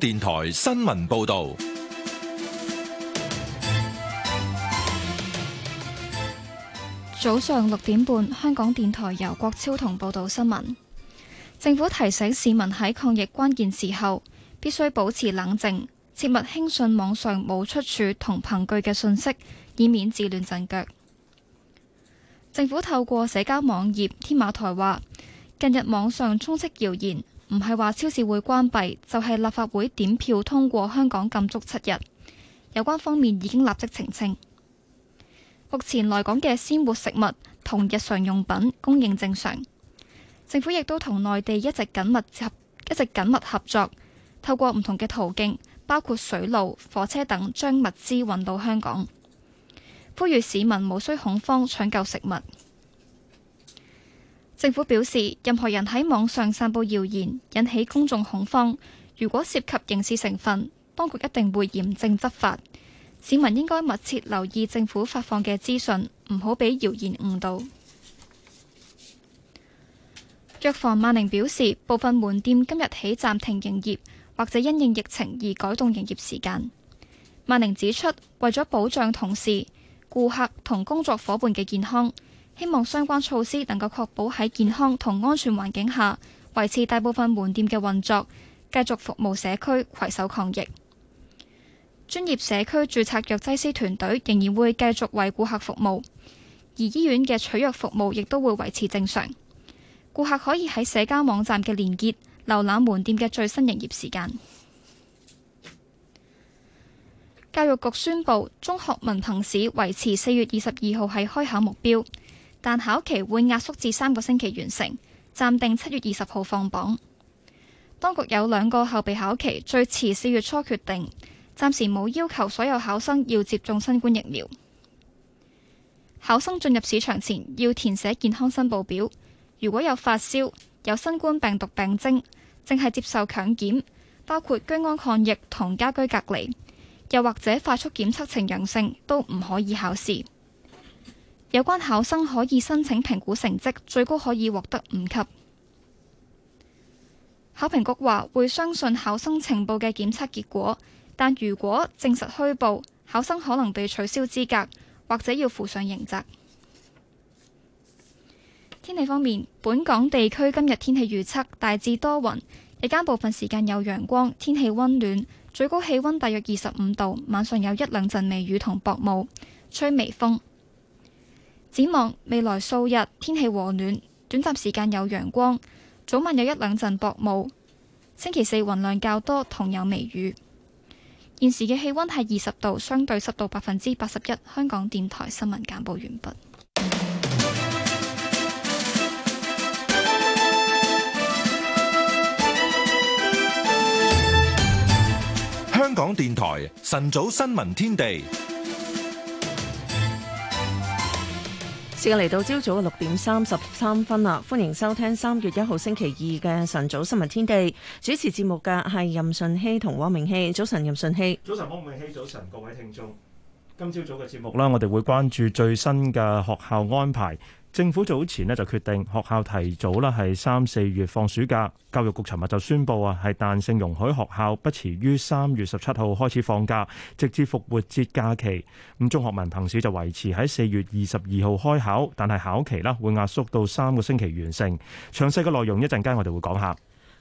電台新聞報道：早上六點半，香港電台由郭超同報道新聞。政府提醒市民喺抗疫關鍵時候，必須保持冷靜，切勿輕信網上冇出處同憑據嘅信息，以免自亂陣腳。政府透過社交網頁天馬台話，近日網上充斥謠言。唔係話超市會關閉，就係立法會點票通過香港禁足七日。有關方面已經立即澄清，目前來港嘅鮮活食物同日常用品供應正常。政府亦都同內地一直緊密合一直緊密合作，透過唔同嘅途徑，包括水路、火車等，將物資運到香港。呼籲市民無需恐慌搶救食物。政府表示，任何人喺網上散布謠言，引起公眾恐慌，如果涉及刑事成分，當局一定會嚴正執法。市民應該密切留意政府發放嘅資訊，唔好俾謠言誤導。藥房萬寧表示，部分門店今日起暫停營業，或者因應疫情而改動營業時間。萬寧指出，為咗保障同事、顧客同工作夥伴嘅健康。希望相關措施能夠確保喺健康同安全環境下維持大部分門店嘅運作，繼續服務社區，攜手抗疫。專業社區注冊藥劑師團隊仍然會繼續為顧客服務，而醫院嘅取藥服務亦都會維持正常。顧客可以喺社交網站嘅連結，瀏覽門店嘅最新營業時間。教育局宣布，中學文憑試維持四月二十二號係開考目標。但考期會壓縮至三個星期完成，暫定七月二十號放榜。當局有兩個後備考期，最遲四月初決定。暫時冇要求所有考生要接種新冠疫苗。考生進入市場前要填寫健康申報表。如果有發燒、有新冠病毒病徵、正係接受強檢、包括居安抗疫同家居隔離，又或者快速檢測呈陽性，都唔可以考試。有關考生可以申請評估成績，最高可以獲得五級。考評局話會相信考生情報嘅檢測結果，但如果證實虛報，考生可能被取消資格或者要負上刑責。天氣方面，本港地區今日天氣預測大致多雲，日間部分時間有陽光，天氣温暖，最高氣温大約二十五度。晚上有一兩陣微雨同薄霧，吹微風。展望未來數日，天氣和暖，短暫時間有陽光，早晚有一兩陣薄霧。星期四雲量較多，同有微雨。現時嘅氣温係二十度，相對濕度百分之八十一。香港電台新聞簡報完畢。香港電台晨早新聞天地。時間嚟到朝早六點三十三分啦，歡迎收聽三月一號星期二嘅晨早新聞天地。主持節目嘅係任順熙同汪明熙。早晨，任順熙。早晨，汪明熙。早晨，各位聽眾。今朝早嘅節目咧，我哋會關注最新嘅學校安排。政府早前咧就決定學校提早啦，係三四月放暑假。教育局尋日就宣布啊，係彈性容許學校不遲於三月十七號開始放假，直至復活節假期。咁中學文憑試就維持喺四月二十二號開考，但係考期啦會壓縮到三個星期完成。詳細嘅內容一陣間我哋會講下。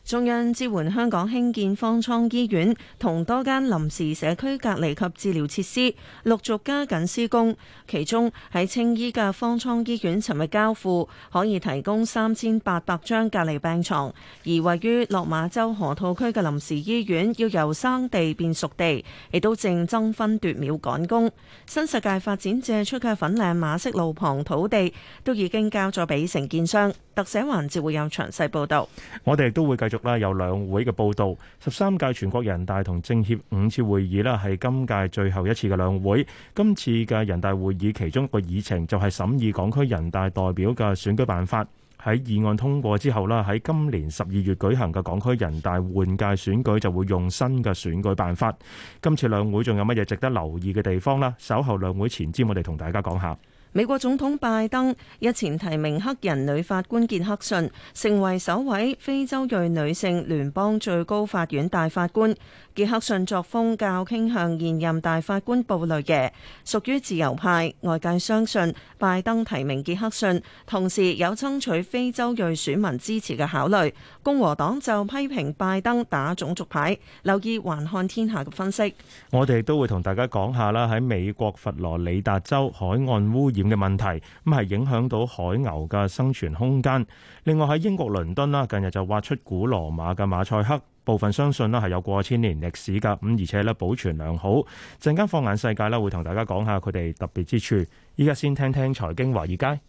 中央支援香港興建方艙醫院同多間臨時社區隔離及治療設施，陸續加緊施工。其中喺青衣嘅方艙醫院尋日交付，可以提供三千八百張隔離病床，而位於落馬洲河套區嘅臨時醫院，要由生地變熟地，亦都正爭分奪秒趕工。新世界發展借出嘅粉嶺馬式路旁土地，都已經交咗俾承建商。特寫環節會有詳細報道，我哋都會繼續。啦，有兩會嘅報道，十三屆全國人大同政協五次會議咧係今屆最後一次嘅兩會。今次嘅人大會議其中一個議程就係審議港區人大代表嘅選舉辦法。喺議案通過之後啦，喺今年十二月舉行嘅港區人大換屆選舉就會用新嘅選舉辦法。今次兩會仲有乜嘢值得留意嘅地方呢？稍後兩會前瞻，我哋同大家講下。美國總統拜登日前提名黑人女法官傑克遜，成為首位非洲裔女性聯邦最高法院大法官。傑克遜作風較傾向現任大法官布雷耶，屬於自由派。外界相信拜登提名傑克遜，同時有爭取非洲裔選民支持嘅考慮。共和黨就批評拜登打種族牌。留意環看天下嘅分析。我哋都會同大家講下啦，喺美國佛羅里達州海岸污染嘅問題，咁係影響到海牛嘅生存空間。另外喺英國倫敦啦，近日就挖出古羅馬嘅馬賽克。部分相信呢係有過千年歷史㗎，咁而且呢保存良好。陣間放眼世界呢，會同大家講下佢哋特別之處。依家先聽聽財經華爾街。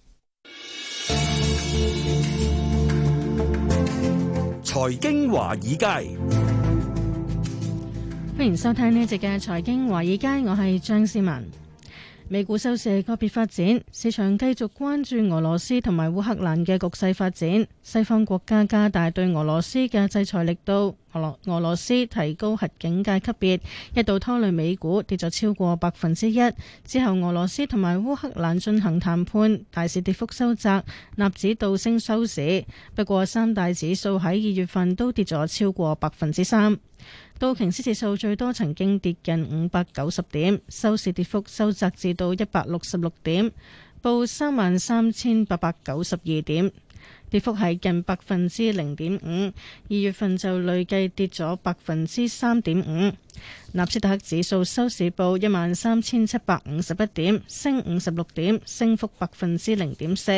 財經華爾街，歡迎收聽呢一節嘅財經華爾街，我係張思文。美股收市個別發展，市場繼續關注俄羅斯同埋烏克蘭嘅局勢發展。西方國家加大對俄羅斯嘅制裁力度，俄羅俄羅斯提高核警戒級別，一度拖累美股跌咗超過百分之一。之後俄羅斯同埋烏克蘭進行談判，大市跌幅收窄，納指倒升收市。不過三大指數喺二月份都跌咗超過百分之三。道瓊斯指數最多曾經跌近五百九十點，收市跌幅收窄至到一百六十六點，報三萬三千八百九十二點，跌幅係近百分之零點五。二月份就累計跌咗百分之三點五。納斯達克指數收市報一萬三千七百五十一點，升五十六點，升幅百分之零點四。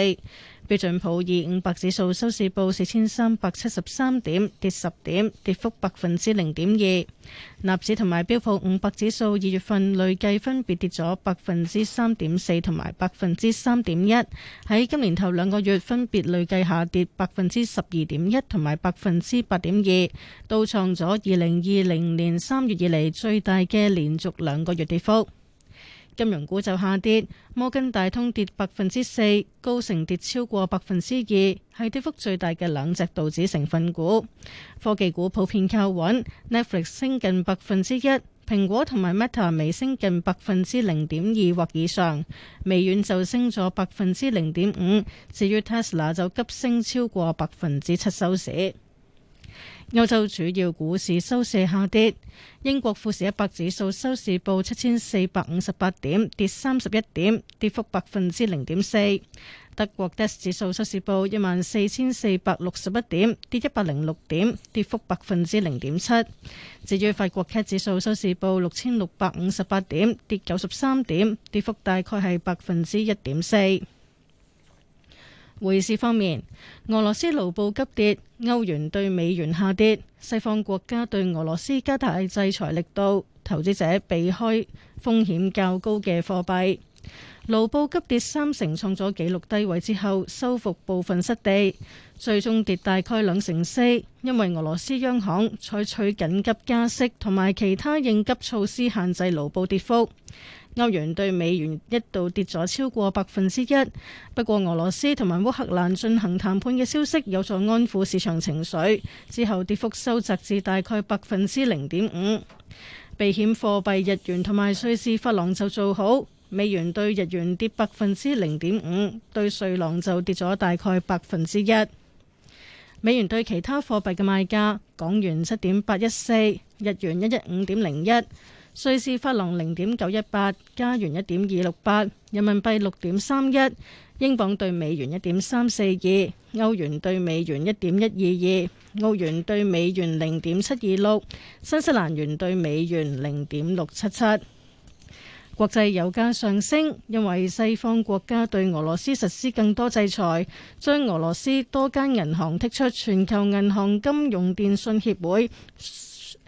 標準普爾五百指數收市報四千三百七十三點，跌十點，跌幅百分之零點二。納指同埋標普五百指數二月份累計分別跌咗百分之三點四同埋百分之三點一。喺今年頭兩個月分別累計下跌百分之十二點一同埋百分之八點二，到創咗二零二零年三月以嚟最大嘅連續兩個月跌幅。金融股就下跌，摩根大通跌百分之四，高盛跌超過百分之二，係跌幅最大嘅兩隻道指成分股。科技股普遍較穩，Netflix 升近百分之一，蘋果同埋 Meta 微升近百分之零點二或以上，微軟就升咗百分之零點五，至於 Tesla 就急升超過百分之七收市。歐洲主要股市收市下跌，英國富時一百指數收市報七千四百五十八點，跌三十一點，跌幅百分之零點四。德國 DAX 指數收市報一萬四千四百六十一點，跌一百零六點，跌幅百分之零點七。至於法國 CAC 指數收市報六千六百五十八點，跌九十三點，跌幅大概係百分之一點四。匯市方面，俄羅斯盧布急跌，歐元對美元下跌，西方國家對俄羅斯加大制裁力度，投資者避開風險較高嘅貨幣。盧布急跌三成，創咗紀錄低位之後，收復部分失地，最終跌大概兩成四，因為俄羅斯央行採取緊急加息同埋其他應急措施，限制盧布跌幅。歐元對美元一度跌咗超過百分之一，不過俄羅斯同埋烏克蘭進行談判嘅消息有助安撫市場情緒，之後跌幅收窄至大概百分之零點五。避險貨幣日元同埋瑞士法郎就做好，美元對日元跌百分之零點五，對瑞郎就跌咗大概百分之一。美元對其他貨幣嘅賣價：港元七點八一四，日元一一五點零一。瑞士法郎零點九一八，加元一點二六八，人民幣六點三一，英鎊對美元一點三四二，歐元對美元一點一二二，澳元對美元零點七二六，新西蘭元對美元零點六七七。國際油價上升，因為西方國家對俄羅斯實施更多制裁，將俄羅斯多間銀行剔出全球銀行金融電訊協會。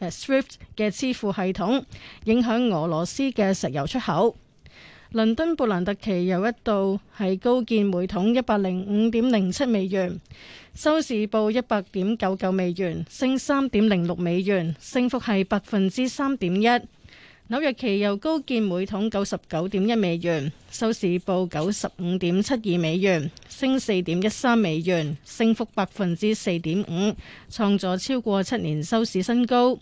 Swift 嘅支付系統影響俄羅斯嘅石油出口。倫敦布蘭特期油一度係高見每桶一百零五點零七美元，收市報一百點九九美元，升三點零六美元，升幅係百分之三點一。紐約期油高見每桶九十九點一美元，收市報九十五點七二美元，升四點一三美元，升幅百分之四點五，創咗超過七年收市新高。二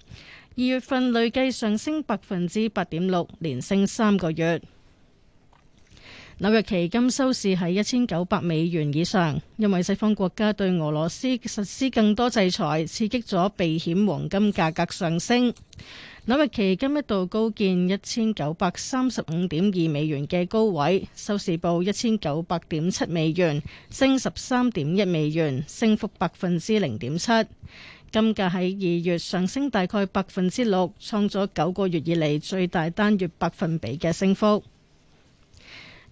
月份累計上升百分之八點六，連升三個月。紐約期金收市喺一千九百美元以上，因為西方國家對俄羅斯實施更多制裁，刺激咗避險黃金價格上升。紐日期今一度高見一千九百三十五點二美元嘅高位，收市報一千九百點七美元，升十三點一美元，升幅百分之零點七。金價喺二月上升大概百分之六，創咗九個月以嚟最大單月百分比嘅升幅。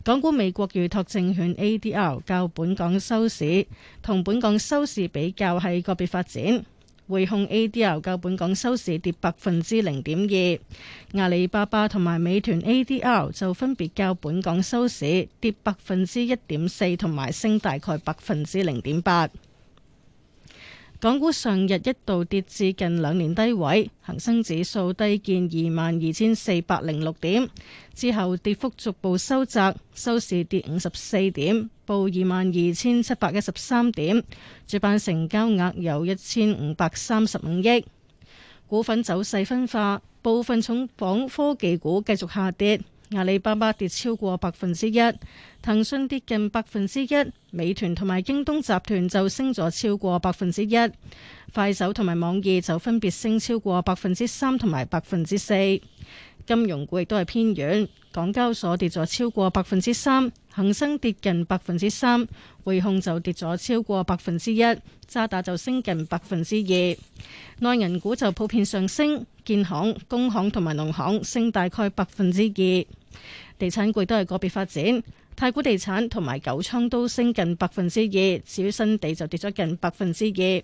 港股美國預託證券 ADR 較本港收市，同本港收市比較係個別發展。匯控 ADR 較本港收市跌百分之零點二，阿里巴巴同埋美團 ADR 就分別較本港收市跌百分之一點四，同埋升大概百分之零點八。港股上日一度跌至近兩年低位，恒生指數低見二萬二千四百零六點，之後跌幅逐步收窄，收市跌五十四點，報二萬二千七百一十三點。主板成交額由一千五百三十五億。股份走勢分化，部分重磅科技股繼續下跌。阿里巴巴跌超過百分之一，騰訊跌近百分之一，美團同埋京東集團就升咗超過百分之一，快手同埋網易就分別升超過百分之三同埋百分之四，金融股亦都係偏軟，港交所跌咗超過百分之三。恒生跌近百分之三，匯控就跌咗超過百分之一，渣打就升近百分之二。內銀股就普遍上升，建行、工行同埋農行升大概百分之二。地產股都係個別發展，太古地產同埋九倉都升近百分之二，至於新地就跌咗近百分之二。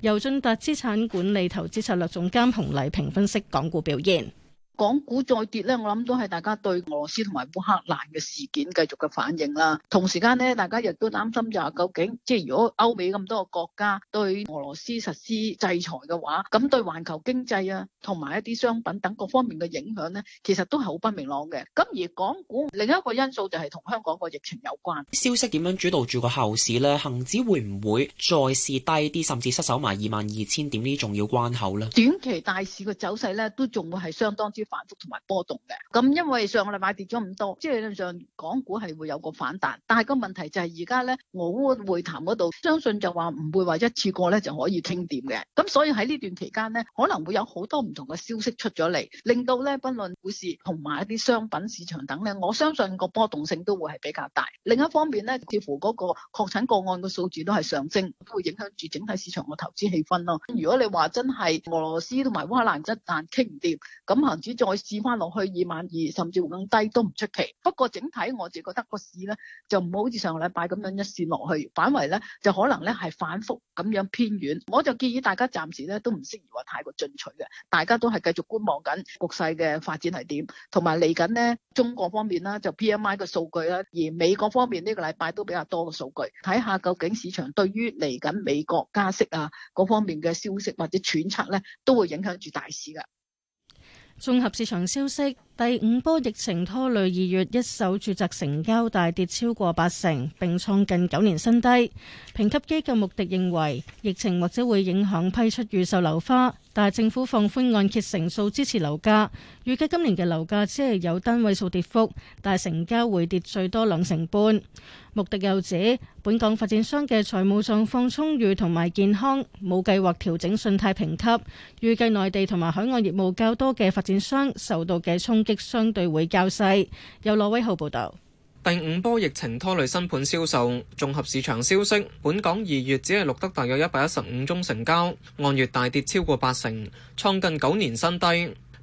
由進達資產管理投資策略總監洪麗平分析港股表現。港股再跌咧，我諗都係大家對俄羅斯同埋烏克蘭嘅事件繼續嘅反應啦。同時間咧，大家亦都擔心就係究竟，即係如果歐美咁多個國家對俄羅斯實施制裁嘅話，咁對環球經濟啊，同埋一啲商品等各方面嘅影響咧，其實都係好不明朗嘅。咁而港股另一個因素就係同香港個疫情有關，消息點樣主導住個後市咧？恒指會唔會再試低啲，甚至失守埋二萬二千點呢？重要關口咧？短期大市嘅走勢咧，都仲會係相當之。反覆同埋波動嘅，咁因為上個禮拜跌咗咁多，即係理論上港股係會有個反彈，但係個問題就係而家咧俄烏會談嗰度，相信就話唔會話一次過咧就可以傾掂嘅。咁所以喺呢段期間咧可能會有好多唔同嘅消息出咗嚟，令到咧不論股市同埋一啲商品市場等咧，我相信個波動性都會係比較大。另一方面咧，似乎嗰個確診個案嘅數字都係上升，都會影響住整體市場嘅投資氣氛咯。如果你話真係俄羅斯同埋烏克蘭一旦傾唔掂，咁行之。再試翻落去二萬二，22, 甚至更低都唔出奇。不過整體我自己覺得個市咧就唔好好似上個禮拜咁樣一線落去，反為咧就可能咧係反覆咁樣偏軟。我就建議大家暫時咧都唔適宜話太過進取嘅，大家都係繼續觀望緊局勢嘅發展係點，同埋嚟緊咧中國方面啦，就 P M I 嘅數據啦，而美國方面呢個禮拜都比較多嘅數據，睇下究竟市場對於嚟緊美國加息啊嗰方面嘅消息或者揣測咧都會影響住大市㗎。綜合市場消息，第五波疫情拖累二月一手住宅成交大跌超過八成，並創近九年新低。評級機構穆迪認為，疫情或者會影響批出預售樓花。但政府放寬按揭成數支持樓價，預計今年嘅樓價只係有單位數跌幅，但係成交會跌最多兩成半。穆迪又指，本港發展商嘅財務狀況充裕同埋健康，冇計劃調整信貸評級，預計內地同埋海外業務較多嘅發展商受到嘅衝擊相對會較細，由羅威浩報道。第五波疫情拖累新盤銷售，綜合市場消息，本港二月只係錄得大約一百一十五宗成交，按月大跌超過八成，創近九年新低。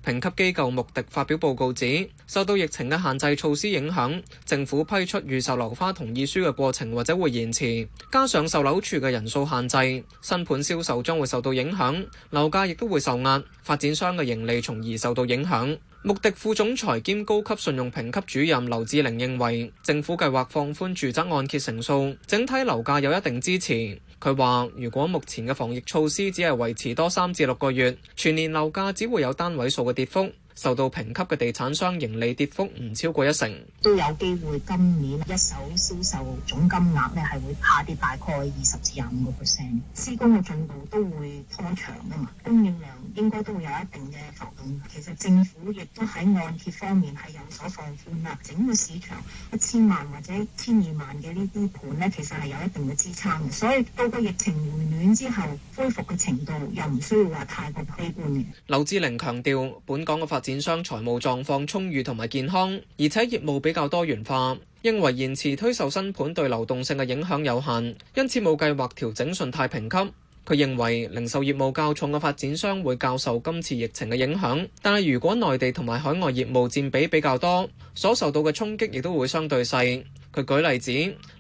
評級機構穆迪發表報告指，受到疫情嘅限制措施影響，政府批出預售樓花同意書嘅過程或者會延遲，加上售樓處嘅人數限制，新盤銷售將會受到影響，樓價亦都會受壓，發展商嘅盈利從而受到影響。穆迪副總裁兼高級信用評級主任劉志玲認為，政府計劃放寬住宅按揭成數，整體樓價有一定支持。佢話：如果目前嘅防疫措施只係維持多三至六個月，全年樓價只會有單位數嘅跌幅。受到評級嘅地產商盈利跌幅唔超過一成，都有機會今年一手銷售總金額咧係會下跌大概二十至廿五個 percent，施工嘅進度都會拖長啊嘛，供應量應該都會有一定嘅浮動。其實政府亦都喺按揭方面係有所放寬啦。整個市場一千萬或者千二萬嘅呢啲盤咧，其實係有一定嘅支撐嘅。所以到個疫情回暖之後，恢復嘅程度又唔需要話太過悲觀嘅。劉志玲強調，本港嘅發展發展商財務狀況充裕同埋健康，而且業務比較多元化，認為延遲推售新盤對流動性嘅影響有限，因此冇計劃調整信貸評級。佢認為零售業務較重嘅發展商會較受今次疫情嘅影響，但係如果內地同埋海外業務佔比比較多，所受到嘅衝擊亦都會相對細。佢舉例子，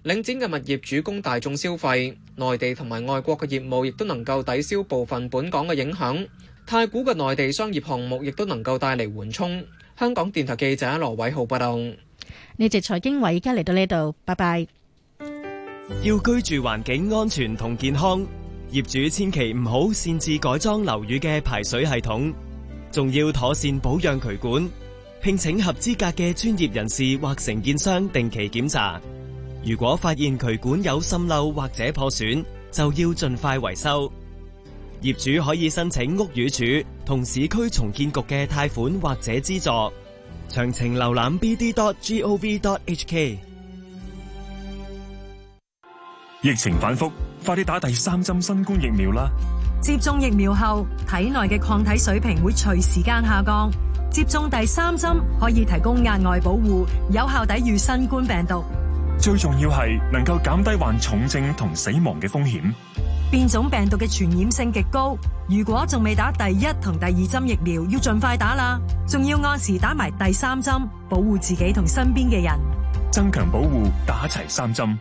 領展嘅物業主攻大眾消費，內地同埋外國嘅業務亦都能夠抵消部分本港嘅影響。太古嘅內地商業項目亦都能夠帶嚟緩衝。香港電台記者羅偉浩報道。呢節財經委而家嚟到呢度，拜拜。要居住環境安全同健康，業主千祈唔好擅自改裝樓宇嘅排水系統，仲要妥善保養渠管，聘請合資格嘅專業人士或承建商定期檢查。如果發現渠管有滲漏或者破損，就要盡快維修。業主可以申請屋宇署同市區重建局嘅貸款或者資助。詳情瀏覽 bd.gov.hk。疫情反覆，快啲打第三針新冠疫苗啦！接種疫苗後，體內嘅抗體水平會隨時間下降。接種第三針可以提供額外保護，有效抵御新冠病毒。最重要係能夠減低患重症同死亡嘅風險。變種病毒嘅傳染性極高，如果仲未打第一同第二針疫苗，要盡快打啦！仲要按時打埋第三針，保護自己同身邊嘅人。增強保護，打齊三針。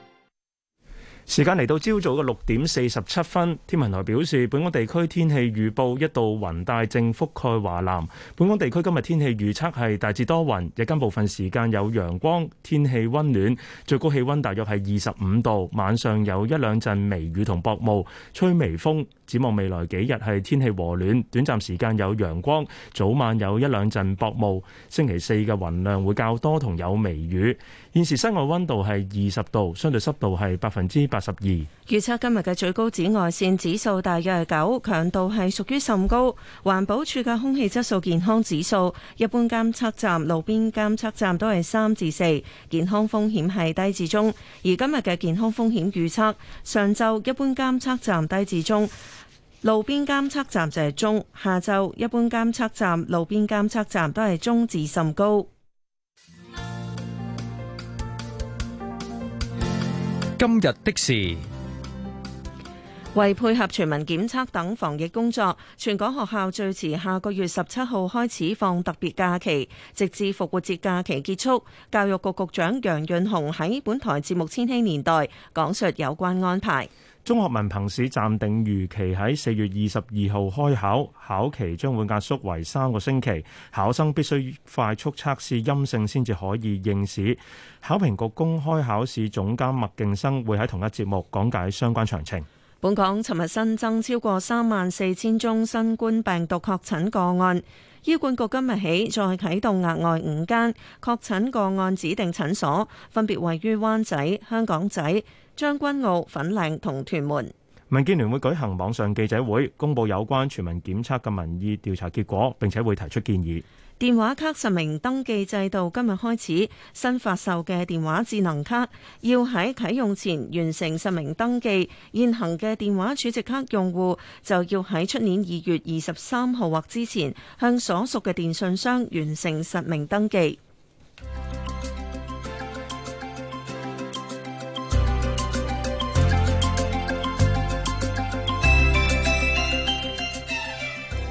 時間嚟到朝早嘅六點四十七分，天文台表示本港地區天氣預報一度雲帶正覆蓋華南。本港地區今日天氣預測係大致多雲，日間部分時間有陽光，天氣温暖，最高氣温大約係二十五度。晚上有一兩陣微雨同薄霧，吹微風。展望未來幾日係天氣和暖，短暫時間有陽光，早晚有一兩陣薄霧。星期四嘅雲量會較多，同有微雨。現時室外溫度係二十度，相對濕度係百分之八十二。預測今日嘅最高紫外線指數大約係九，強度係屬於甚高。環保署嘅空氣質素健康指數，一般監測站、路邊監測站都係三至四，健康風險係低至中。而今日嘅健康風險預測，上晝一般監測站低至中。路邊監測站就係中，下晝一般監測站、路邊監測站都係中至甚高。今日的事，為配合全民檢測等防疫工作，全港學校最遲下個月十七號開始放特別假期，直至復活節假期結束。教育局局長楊潤雄喺本台節目《千禧年代》講述有關安排。中學文憑試暫定預期喺四月二十二號開考，考期將會壓縮為三個星期，考生必須快速測試陰性先至可以應試。考評局公開考試總監麥敬生會喺同一節目講解相關詳情。本港尋日新增超過三萬四千宗新冠病毒確診個案。醫管局今日起再啟動額外五間確診個案指定診所，分別位於灣仔、香港仔、將軍澳、粉嶺同屯門。民建聯會舉行網上記者會，公布有關全民檢測嘅民意調查結果，並且會提出建議。電話卡實名登記制度今日開始，新發售嘅電話智能卡要喺啟用前完成實名登記。現行嘅電話儲值卡用戶就要喺出年二月二十三號或之前，向所屬嘅電信商完成實名登記。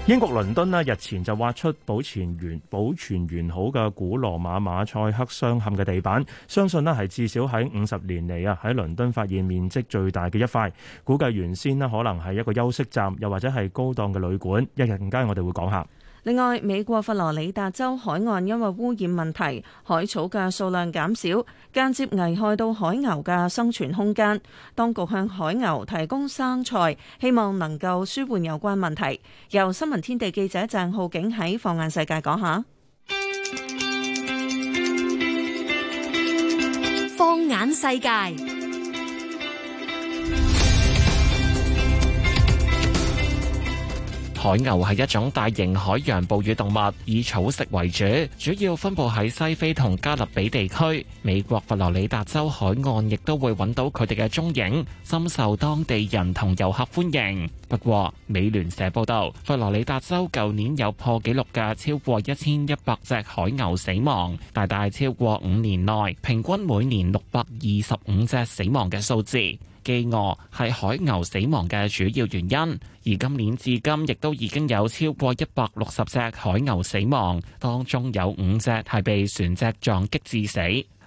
英國倫敦呢日前就挖出保存完保存完好嘅古羅馬馬賽克鑲嵌嘅地板，相信呢係至少喺五十年嚟啊喺倫敦發現面積最大嘅一塊，估計原先呢可能係一個休息站，又或者係高檔嘅旅館。一陣間我哋會講下。另外，美國佛羅里達州海岸因為污染問題，海草嘅數量減少，間接危害到海牛嘅生存空間。當局向海牛提供生菜，希望能夠舒緩有關問題。由新聞天地記者鄭浩景喺《放眼世界》講下。放眼世界。海牛係一種大型海洋哺乳動物，以草食為主，主要分布喺西非同加勒比地區，美國佛羅里達州海岸亦都會揾到佢哋嘅蹤影，深受當地人同遊客歡迎。不過，美聯社報道，佛羅里達州舊年有破紀錄嘅超過一千一百隻海牛死亡，大大超過五年內，平均每年六百二十五隻死亡嘅數字。飢餓係海牛死亡嘅主要原因，而今年至今亦都已經有超過一百六十隻海牛死亡，當中有五隻係被船隻撞擊致死。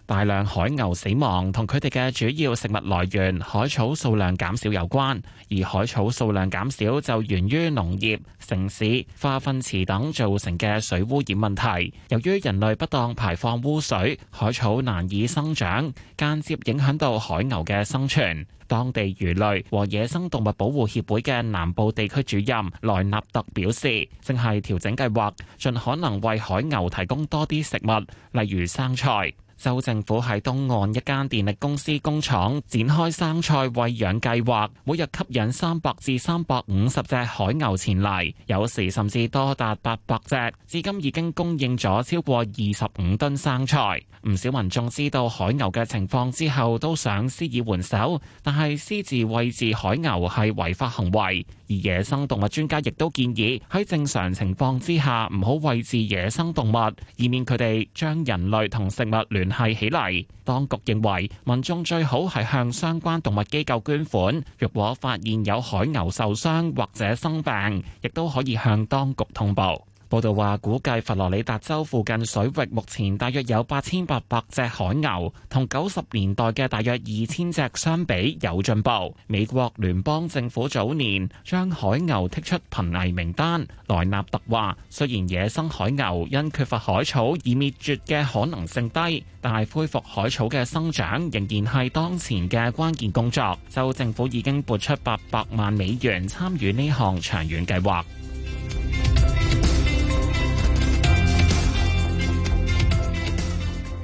大量海牛死亡同佢哋嘅主要食物來源海草數量減少有關，而海草數量減少就源於農業、城市化、糞池等造成嘅水污染問題。由於人類不當排放污水，海草難以生長，間接影響到海牛嘅生存。當地魚類和野生動物保護協會嘅南部地區主任萊納特表示，正係調整計劃，盡可能為海牛提供多啲食物，例如生菜。州政府喺東岸一間電力公司工廠展開生菜餵養計劃，每日吸引三百至三百五十隻海牛前嚟，有時甚至多達八百隻。至今已經供應咗超過二十五噸生菜。唔少民眾知道海牛嘅情況之後，都想施以援手，但係私自餵飼海牛係違法行為。而野生動物專家亦都建議喺正常情況之下唔好餵飼野生動物，以免佢哋將人類同食物聯繫起嚟。當局認為民眾最好係向相關動物機構捐款，若果發現有海牛受傷或者生病，亦都可以向當局通報。報道話，估計佛羅里達州附近水域目前大約有八千八百隻海牛，同九十年代嘅大約二千隻相比有進步。美國聯邦政府早年將海牛剔出瀕危名單，萊納特話：雖然野生海牛因缺乏海草而滅絕嘅可能性低，但係恢復海草嘅生長仍然係當前嘅關鍵工作。州政府已經撥出八百萬美元參與呢項長遠計劃。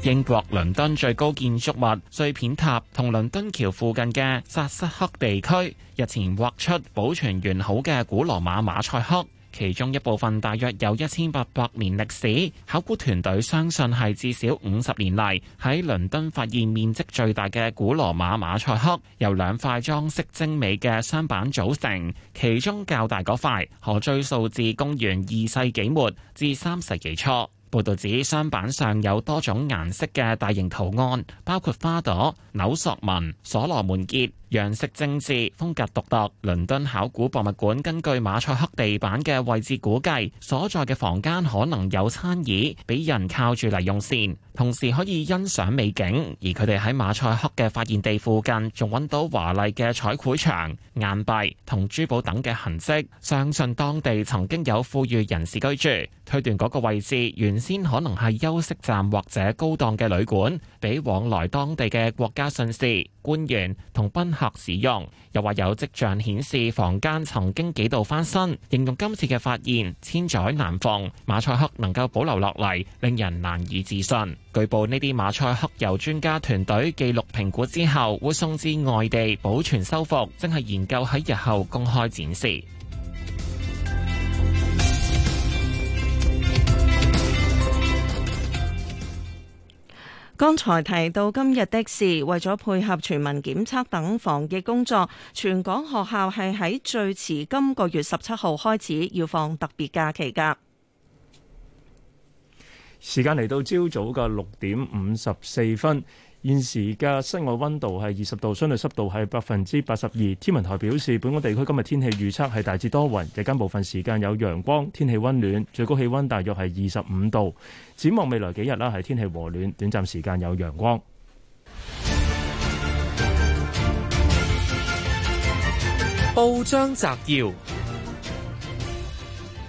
英國倫敦最高建築物碎片塔同倫敦橋附近嘅薩塞克地區日前挖出保存完好嘅古羅馬馬賽克，其中一部分大約有一千八百年歷史。考古團隊相信係至少五十年嚟喺倫敦發現面積最大嘅古羅馬馬賽克，由兩塊裝飾精美嘅鑲板組成，其中較大嗰塊可追溯至公元二世紀末至三世紀初。報導指商板上有多種顏色嘅大型圖案，包括花朵、扭索紋、所羅門結。樣式精緻，風格獨特。倫敦考古博物館根據馬賽克地板嘅位置估計，所在嘅房間可能有餐椅，俾人靠住嚟用膳，同時可以欣賞美景。而佢哋喺馬賽克嘅發現地附近，仲揾到華麗嘅彩繪牆、硬幣同珠寶等嘅痕跡，相信當地曾經有富裕人士居住。推斷嗰個位置原先可能係休息站或者高檔嘅旅館，俾往來當地嘅國家信士、官員同賓客，使用又話有跡象顯示房間曾經幾度翻新，形容今次嘅發現千載難逢，馬賽克能夠保留落嚟，令人難以置信。據報呢啲馬賽克由專家團隊記錄評估之後，會送至外地保存修復，正係研究喺日後公開展示。剛才提到今日的事，為咗配合全民檢測等防疫工作，全港學校係喺最遲今個月十七號開始要放特別假期噶。時間嚟到朝早嘅六點五十四分，現時嘅室外温度係二十度，相對濕度係百分之八十二。天文台表示，本港地區今日天氣預測係大致多雲，日間部分時間有陽光，天氣温暖，最高氣温大約係二十五度。展望未來幾日啦，係天氣和暖，短暫時間有陽光。報章摘要，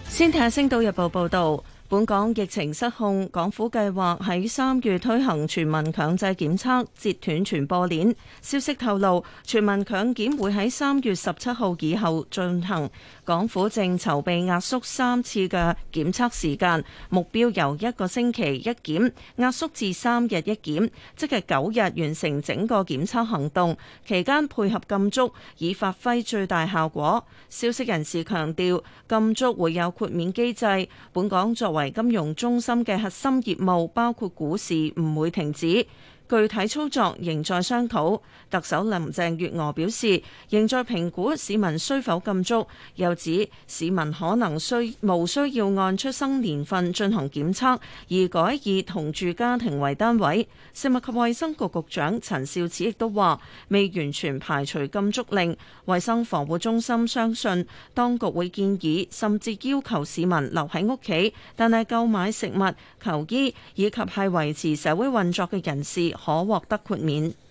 先睇下《星島日報》報導，本港疫情失控，港府計劃喺三月推行全民強制檢測，截斷傳播鏈。消息透露，全民強檢會喺三月十七號以後進行。港府正籌備壓縮三次嘅檢測時間，目標由一個星期一檢壓縮至三日一檢，即係九日完成整個檢測行動。期間配合禁足，以發揮最大效果。消息人士強調，禁足會有豁免機制。本港作為金融中心嘅核心業務，包括股市唔會停止。具體操作仍在商討，特首林鄭月娥表示，仍在評估市民需否禁足，又指市民可能需無需要按出生年份進行檢測，而改以同住家庭為單位。食物及衛生局局長陳肇始亦都話未完全排除禁足令。衛生防護中心相信，當局會建議甚至要求市民留喺屋企，但係購買食物、求醫以及係維持社會運作嘅人士，可獲得豁免。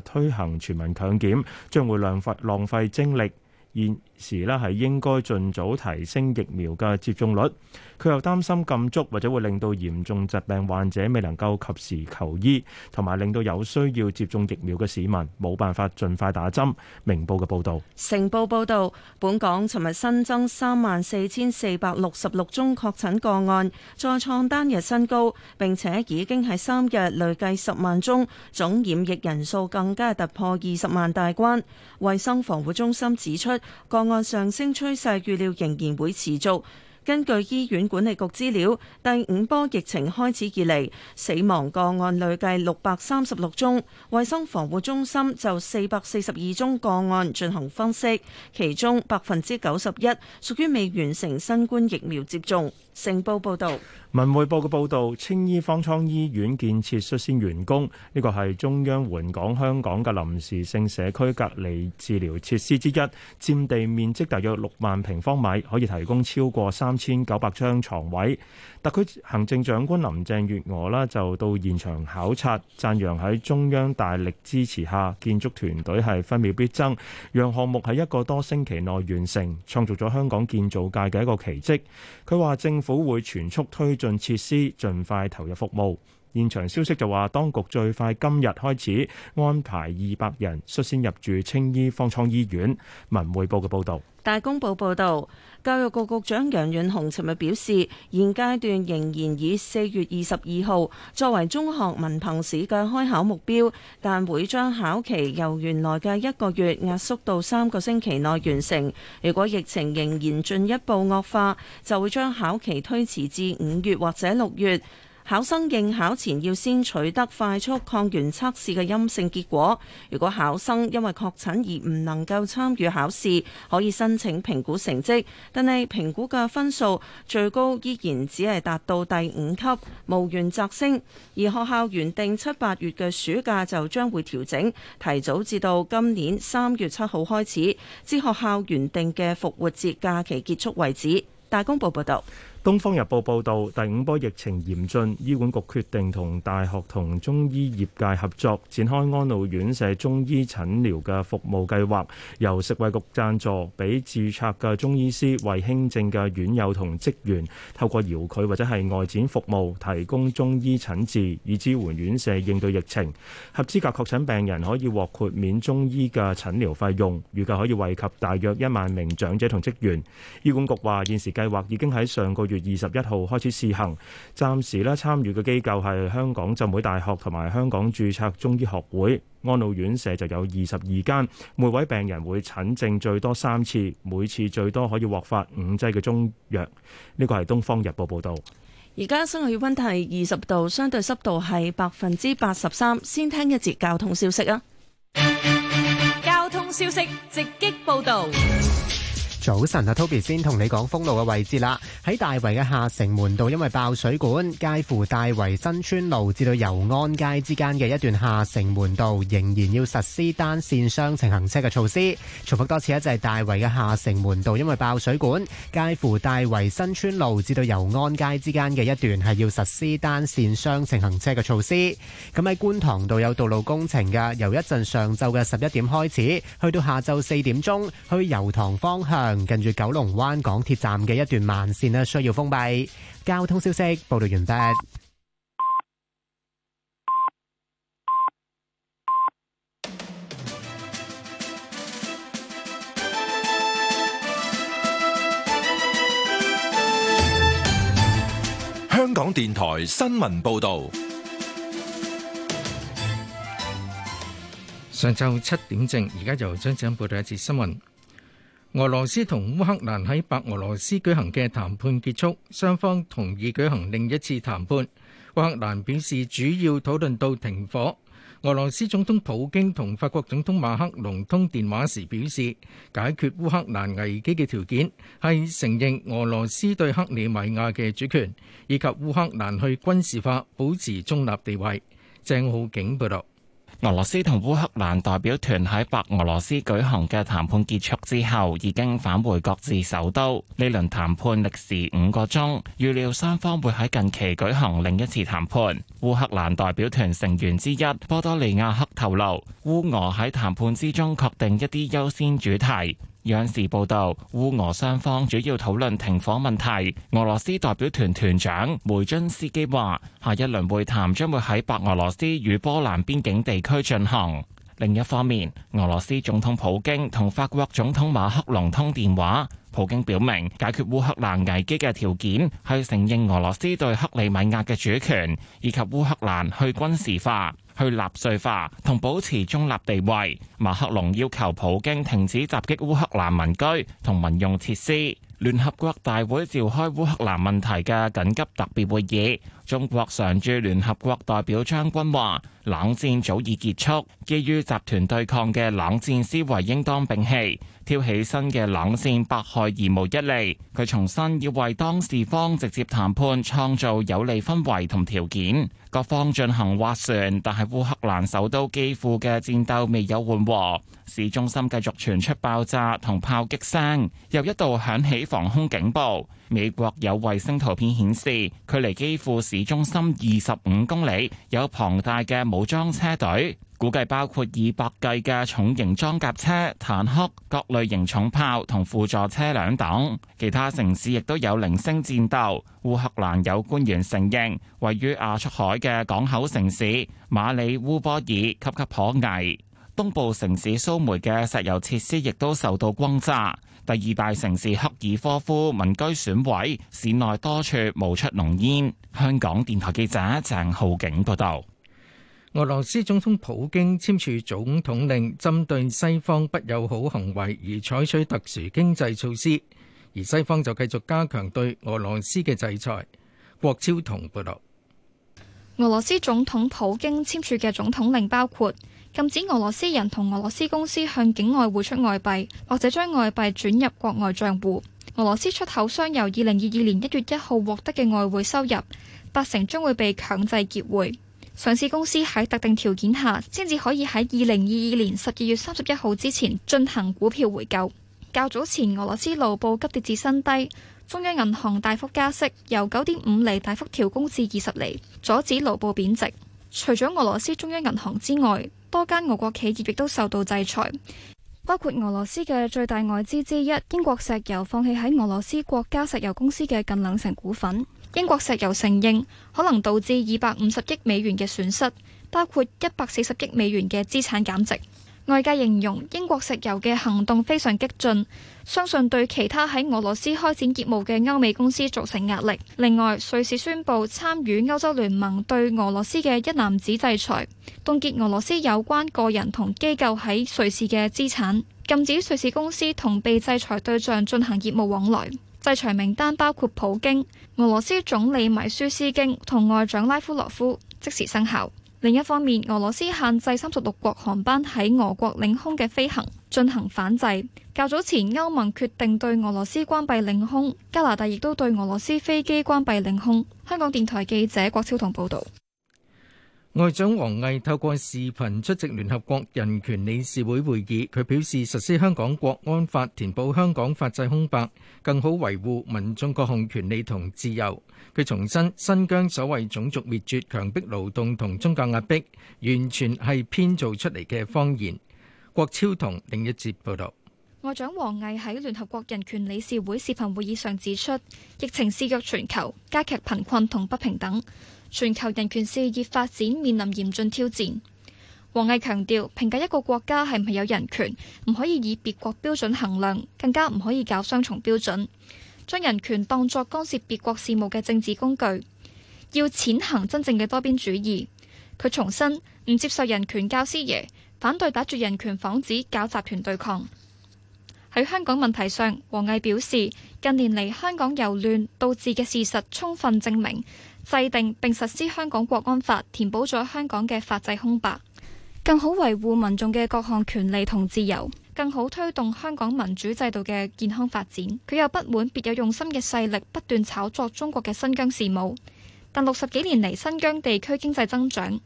推行全民強檢，將會浪費浪費精力，現。時呢係應該盡早提升疫苗嘅接種率。佢又擔心禁足或者會令到嚴重疾病患者未能夠及時求醫，同埋令到有需要接種疫苗嘅市民冇辦法盡快打針。明報嘅報導，成報報道，本港尋日新增三萬四千四百六十六宗確診個案，再創單日新高。並且已經係三日累計十萬宗，總染疫人數更加突破二十萬大關。衛生防護中心指出，各個案上升趨勢預料仍然會持續。根據醫院管理局資料，第五波疫情開始以嚟，死亡個案累計六百三十六宗，衛生防護中心就四百四十二宗個案進行分析，其中百分之九十一屬於未完成新冠疫苗接種。成報報道，文匯報嘅報道，青衣方艙醫院建設率先完工。呢、這個係中央援港香港嘅臨時性社區隔離治療設施之一，佔地面積大約六萬平方米，可以提供超過三千九百張床位。特區行政長官林鄭月娥啦，就到現場考察，讚揚喺中央大力支持下，建築團隊係分秒必爭，讓項目喺一個多星期內完成，創造咗香港建造界嘅一個奇蹟。佢話政府會全速推進設施，盡快投入服務。現場消息就話，當局最快今日開始安排二百人率先入住青衣方艙醫院。文匯報嘅報導，大公報報導，教育局局長楊潤雄尋日表示，現階段仍然以四月二十二號作為中學文憑試嘅開考目標，但會將考期由原來嘅一個月壓縮到三個星期內完成。如果疫情仍然進一步惡化，就會將考期推遲至五月或者六月。考生應考前要先取得快速抗原測試嘅陰性結果。如果考生因為確診而唔能夠參與考試，可以申請評估成績，但係評估嘅分數最高依然只係達到第五級，無緣摘星。而學校原定七八月嘅暑假就將會調整，提早至到今年三月七號開始，至學校原定嘅復活節假期結束為止。大公報報道。《東方日報》報導，第五波疫情嚴峻，醫管局決定同大學同中醫業界合作，展開安老院舍中醫診療嘅服務計劃。由食衞局贊助，俾註冊嘅中醫師為輕症嘅院友同職員，透過遙距或者係外展服務，提供中醫診治，以支援院舍應對疫情。合資格確診病人可以獲豁免中醫嘅診療費用，預計可以惠及大約一萬名長者同職員。醫管局話，現時計劃已經喺上個月月二十一號開始試行，暫時咧參與嘅機構係香港浸會大學同埋香港註冊中醫學會，安老院舍就有二十二間，每位病人會診症最多三次，每次最多可以獲發五劑嘅中藥。呢個係《東方日報》報道。而家室外嘅溫度係二十度，相對濕度係百分之八十三。先聽一節交通消息啊！交通消息直擊報道。早晨啊，Toby 先同你講封路嘅位置啦。喺大圍嘅下城門道，因為爆水管，介乎大圍新村路至到油安街之間嘅一段下城門道仍然要實施單線雙程行車嘅措施。重複多次啊，就係大圍嘅下城門道，因為爆水管，介乎大圍新村路至到油安街之間嘅一段係要實施單線雙程行車嘅措施。咁喺觀塘道有道路工程嘅，由一陣上晝嘅十一點開始，去到下晝四點鐘，去油塘方向。近住九龍灣港鐵站嘅一段慢線呢，需要封閉。交通消息報道完畢。香港電台新聞報道。上晝七點正，而家由張子恩報道一節新聞。俄羅斯同烏克蘭喺白俄羅斯舉行嘅談判結束，雙方同意舉行另一次談判。烏克蘭表示主要討論到停火。俄羅斯總統普京同法國總統馬克龍通電話時表示，解決烏克蘭危機嘅條件係承認俄羅斯對克里米亞嘅主權，以及烏克蘭去軍事化、保持中立地位。鄭浩景報導。俄羅斯同烏克蘭代表團喺白俄羅斯舉行嘅談判結束之後，已經返回各自首都。呢輪談判歷時五個鐘，預料三方會喺近期舉行另一次談判。烏克蘭代表團成員之一波多利亞克透露，烏俄喺談判之中確定一啲優先主題。央視報道，烏俄雙方主要討論停火問題。俄羅斯代表團團長梅津斯基話，下一輪會談將會喺白俄羅斯與波蘭邊境地區進行。另一方面，俄羅斯總統普京同法國總統馬克龍通電話，普京表明解決烏克蘭危機嘅條件係承認俄羅斯對克里米亞嘅主權，以及烏克蘭去軍事化。去納稅化同保持中立地位。馬克龍要求普京停止襲擊烏克蘭民居同民用設施。聯合國大會召開烏克蘭問題嘅緊急特別會議。中國常駐聯合國代表張軍話：冷戰早已結束，基於集團對抗嘅冷戰思維應當摒棄，挑起新嘅冷戰百害而無一利。佢重申要為當事方直接談判創，創造有利氛圍同條件，各方進行斡旋，但係烏克蘭首都基輔嘅戰鬥未有緩和，市中心繼續傳出爆炸同炮擊聲，又一度響起防空警報。美國有衛星圖片顯示，距離基輔市中心二十五公里有龐大嘅武裝車隊，估計包括二百計嘅重型裝甲車、坦克、各類型重炮同輔助車輛等。其他城市亦都有零星戰鬥。烏克蘭有官員承認，位於亞速海嘅港口城市馬里烏波爾岌岌可危。東部城市蘇梅嘅石油設施亦都受到轟炸。第二大城市克爾科夫民居損毀，市內多處冒出濃煙。香港電台記者鄭浩景報道。俄羅斯總統普京簽署總統令，針對西方不友好行為而採取特殊經濟措施，而西方就繼續加強對俄羅斯嘅制裁。郭超同報導。俄羅斯總統普京簽署嘅總統令包括。禁止俄羅斯人同俄羅斯公司向境外匯出外幣，或者將外幣轉入國外帳戶。俄羅斯出口商由二零二二年一月一號獲得嘅外匯收入，八成將會被強制結匯。上市公司喺特定條件下，先至可以喺二零二二年十二月三十一號之前進行股票回購。較早前，俄羅斯盧布急跌至新低，中央銀行大幅加息，由九點五厘大幅調高至二十厘，阻止盧布貶值。除咗俄羅斯中央銀行之外，多間俄國企業亦都受到制裁，包括俄羅斯嘅最大外資之一英國石油放棄喺俄羅斯國家石油公司嘅近兩成股份。英國石油承認，可能導致二百五十億美元嘅損失，包括一百四十億美元嘅資產減值。外界形容英國石油嘅行動非常激進，相信對其他喺俄羅斯開展業務嘅歐美公司造成壓力。另外，瑞士宣布參與歐洲聯盟對俄羅斯嘅一攬子制裁，凍結俄羅斯有關個人同機構喺瑞士嘅資產，禁止瑞士公司同被制裁對象進行業務往來。制裁名單包括普京、俄羅斯總理米舒斯京同外長拉夫洛夫，即時生效。另一方面，俄羅斯限制三十六國航班喺俄國領空嘅飛行，進行反制。較早前，歐盟決定對俄羅斯關閉領空，加拿大亦都對俄羅斯飛機關閉領空。香港電台記者郭超棠報導。外長王毅透過視頻出席聯合國人權理事會會議，佢表示實施香港國安法填補香港法制空白，更好維護民眾各項權利同自由。佢重申新，新疆所謂種族滅絕、強迫勞動同宗教壓迫，完全係編造出嚟嘅謊言。郭超同另一節報道。外長王毅喺聯合國人權理事會視頻會議上指出，疫情肆虐全球，加劇貧困同不平等。全球人權事業發展面臨嚴峻挑戰。王毅強調，評價一個國家係唔係有人權，唔可以以別國標準衡量，更加唔可以搞雙重標準，將人權當作干涉別國事務嘅政治工具。要踐行真正嘅多邊主義。佢重申，唔接受人權教師爺，反對打住人權幌子搞集團對抗。喺香港問題上，王毅表示，近年嚟香港由亂導致嘅事實，充分證明。制定並實施香港國安法，填補咗香港嘅法制空白，更好維護民眾嘅各項權利同自由，更好推動香港民主制度嘅健康發展。佢又不滿別有用心嘅勢力不斷炒作中國嘅新疆事務，但六十幾年嚟新疆地區經濟增長，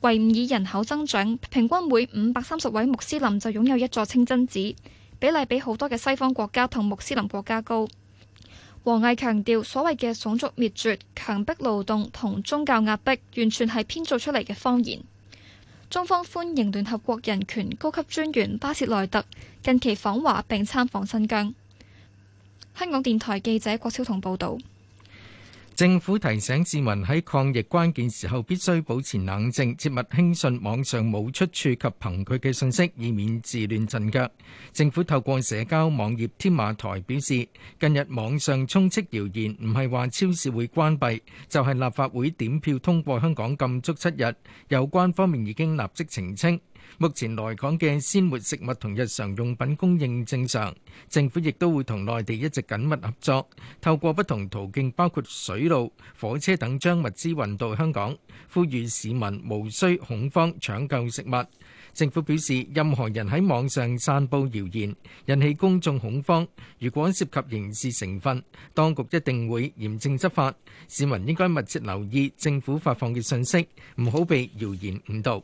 維吾爾人口增長，平均每五百三十位穆斯林就擁有一座清真寺，比例比好多嘅西方國家同穆斯林國家高。王毅強調，所謂嘅種族滅絕、強迫勞動同宗教壓迫，完全係編造出嚟嘅謊言。中方歡迎聯合國人權高級專員巴切萊特近期訪華並參訪新疆。香港電台記者郭超彤報導。政府提醒市民喺抗疫關鍵時候必須保持冷靜，切勿輕信網上冇出處及憑據嘅信息，以免自亂陣腳。政府透過社交網頁添馬台表示，近日網上充斥謠言，唔係話超市會關閉，就係、是、立法會點票通過香港禁足七日，有關方面已經立即澄清。目前來港嘅鮮活食物同日常用品供應正常，政府亦都會同內地一直緊密合作，透過不同途徑，包括水路、火車等，將物資運到香港。呼籲市民無需恐慌搶購食物。政府表示，任何人喺網上散佈謠言，引起公眾恐慌，如果涉及刑事成分，當局一定會嚴正執法。市民應該密切留意政府發放嘅信息，唔好被謠言誤導。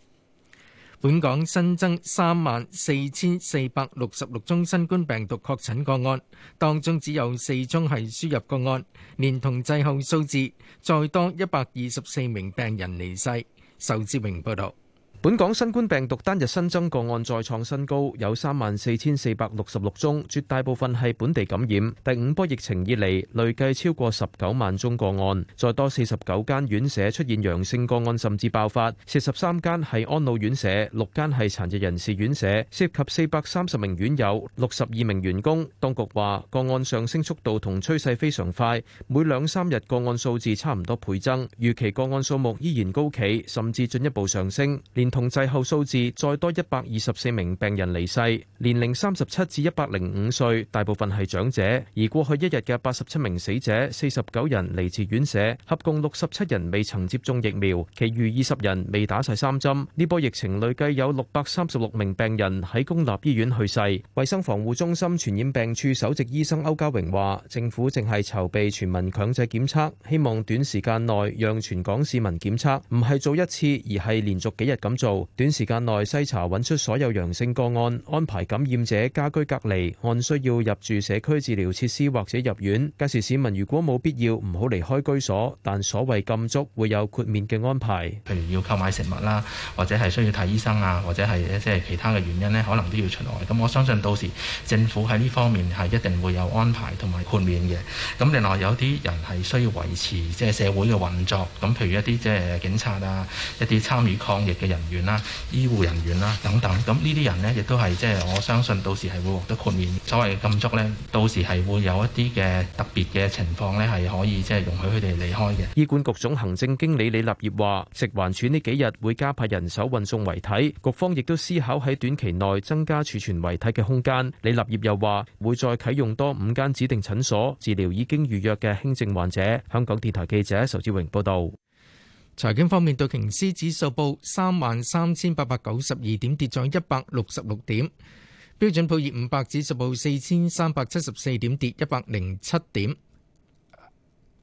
本港新增三萬四千四百六十六宗新冠病毒確診個案，當中只有四宗係輸入個案，連同滯後數字，再多一百二十四名病人離世。仇志榮報道。本港新冠病毒單日新增個案再創新高，有三萬四千四百六十六宗，絕大部分係本地感染。第五波疫情以嚟累計超過十九萬宗個案，再多四十九間院舍出現陽性個案，甚至爆發，四十三間係安老院舍，六間係殘疾人士院舍，涉及四百三十名院友、六十二名員工。當局話個案上升速度同趨勢非常快，每兩三日個案數字差唔多倍增，預期個案數目依然高企，甚至進一步上升。同滯後數字，再多一百二十四名病人離世，年齡三十七至一百零五歲，大部分係長者。而過去一日嘅八十七名死者，四十九人嚟自院舍，合共六十七人未曾接種疫苗，其餘二十人未打晒三針。呢波疫情累計有六百三十六名病人喺公立醫院去世。衛生防護中心傳染病處首席醫生歐家榮話，政府淨係籌備全民強制檢測，希望短時間內讓全港市民檢測，唔係做一次，而係連續幾日咁。做短時間內篩查揾出所有陽性個案，安排感染者家居隔離，按需要入住社區治療設施或者入院。屆時市民如果冇必要，唔好離開居所，但所謂禁足會有豁免嘅安排。譬如要購買食物啦，或者係需要睇醫生啊，或者係一啲其他嘅原因咧，可能都要出外。咁我相信到時政府喺呢方面係一定會有安排同埋豁免嘅。咁另外有啲人係需要維持即係社會嘅運作，咁譬如一啲即係警察啊，一啲參與抗疫嘅人員啦、醫護人員啦等等，咁呢啲人呢亦都係即係我相信到時係會獲得豁免，所謂禁足呢，到時係會有一啲嘅特別嘅情況呢係可以即係容許佢哋離開嘅。醫管局總行政經理李立業話，食環署呢幾日會加派人手運送遺體，局方亦都思考喺短期內增加儲存遺體嘅空間。李立業又話，會再啟用多五間指定診所治療已經預約嘅輕症患者。香港電台記者仇志榮報道。財經方面，道瓊斯指數報三萬三千八百九十二點，跌咗一百六十六點；標準普爾五百指數報四千三百七十四點，跌一百零七點；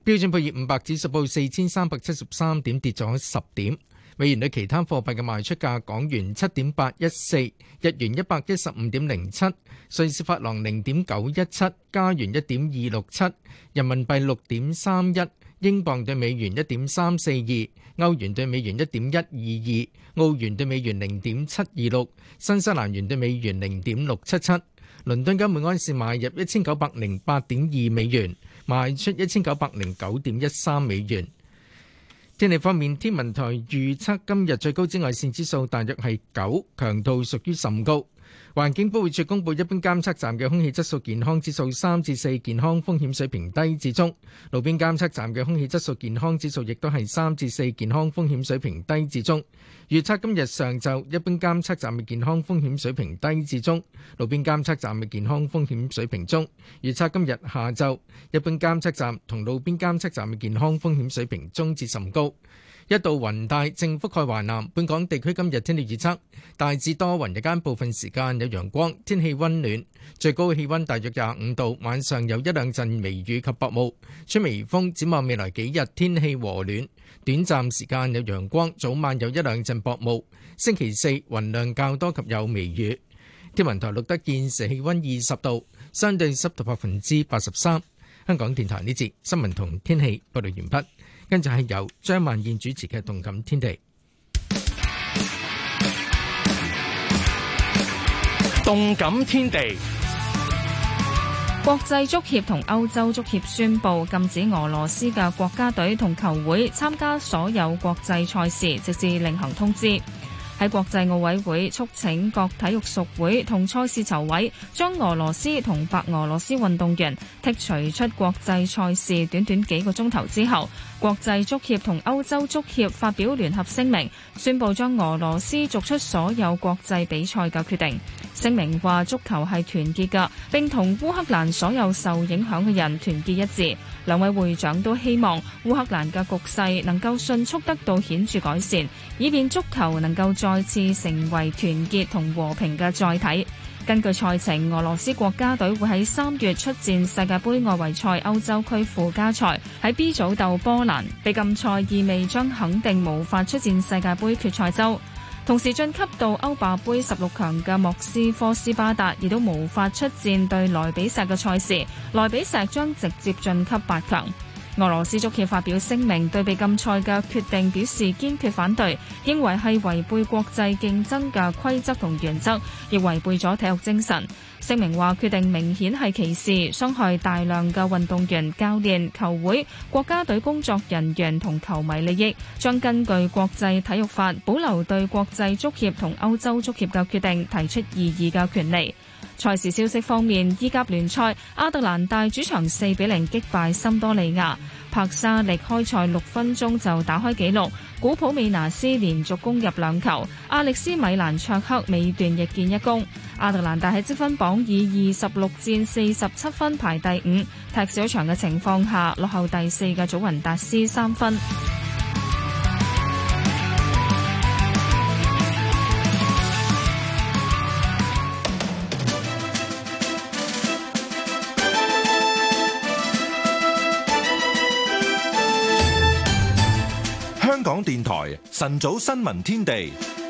標準普爾五百指數報四千三百七十三點，跌咗十點。美元對其他貨幣嘅賣出價：港元七點八一四，日元一百一十五點零七，瑞士法郎零點九一七，加元一點二六七，人民幣六點三一。英鎊兌美元一點三四二，歐元兌美元一點一二二，澳元兌美元零點七二六，新西蘭元兌美元零點六七七。倫敦金每安士買入一千九百零八點二美元，賣出一千九百零九點一三美元。天氣方面，天文台預測今日最高紫外線指數大約係九，強度屬於甚高。環境保護署公布，一般監測站嘅空氣質素健康指數三至四，健康風險水平低至中；路邊監測站嘅空氣質素健康指數亦都係三至四，健康風險水平低至中。預測今日上晝，一般監測站嘅健康風險水平低至中，路邊監測站嘅健康風險水平中。預測今日下晝，一般監測站同路邊監測站嘅健康風險水平中至甚高。一道雲帶正覆蓋華南，本港地區今日天氣預測，大致多雲，日間部分時間有陽光，天氣溫暖，最高氣溫大約廿五度。晚上有一兩陣微雨及薄霧，吹微風。展望未來幾日天氣和暖，短暫時間有陽光，早晚有一兩陣薄霧。星期四雲量較多及有微雨。天文台錄得現時氣溫二十度，相對濕度百分之八十三。香港電台呢節新聞同天氣報道完畢。跟住係由張曼燕主持嘅《動感天地》。動感天地，國際足協同歐洲足協宣布禁止俄羅斯嘅國家隊同球會參加所有國際賽事，直至另行通知。喺國際奧委會促請各體育屬會同賽事籌委將俄羅斯同白俄羅斯運動員剔除出國際賽事。短短幾個鐘頭之後。國際足協和歐洲足協發表聯合聲明，宣布將俄羅斯逐出所有國際比賽嘅決定。聲明話足球係團結嘅，並同烏克蘭所有受影響嘅人團結一致。兩位會長都希望烏克蘭嘅局勢能夠迅速得到顯著改善，以便足球能夠再次成為團結同和平嘅載體。根據賽程，俄羅斯國家隊會喺三月出戰世界杯外圍賽歐洲區附加賽，喺 B 組鬥波蘭。被禁賽意味將肯定無法出戰世界杯決賽周。同時晉級到歐霸杯十六強嘅莫斯科斯巴達亦都無法出戰對萊比錫嘅賽事，萊比錫將直接晉級八強。俄羅斯足協發表聲明，對被禁賽嘅決定表示堅決反對，認為係違背國際競爭嘅規則同原則，亦違背咗體育精神。聲明話決定明顯係歧視，傷害大量嘅運動員、教練、球會、國家隊工作人員同球迷利益，將根據國際體育法保留對國際足協同歐洲足協嘅決定提出異議嘅權利。賽事消息方面，意甲聯賽阿特蘭大主場四比零擊敗森多利亞，帕沙力開賽六分鐘就打開紀錄，古普美拿斯連續攻入兩球，阿力斯米蘭卓克尾段亦建一功。阿特蘭大喺積分榜以二十六戰四十七分排第五，踢少場嘅情況下落後第四嘅祖雲達斯三分。晨早新聞天地。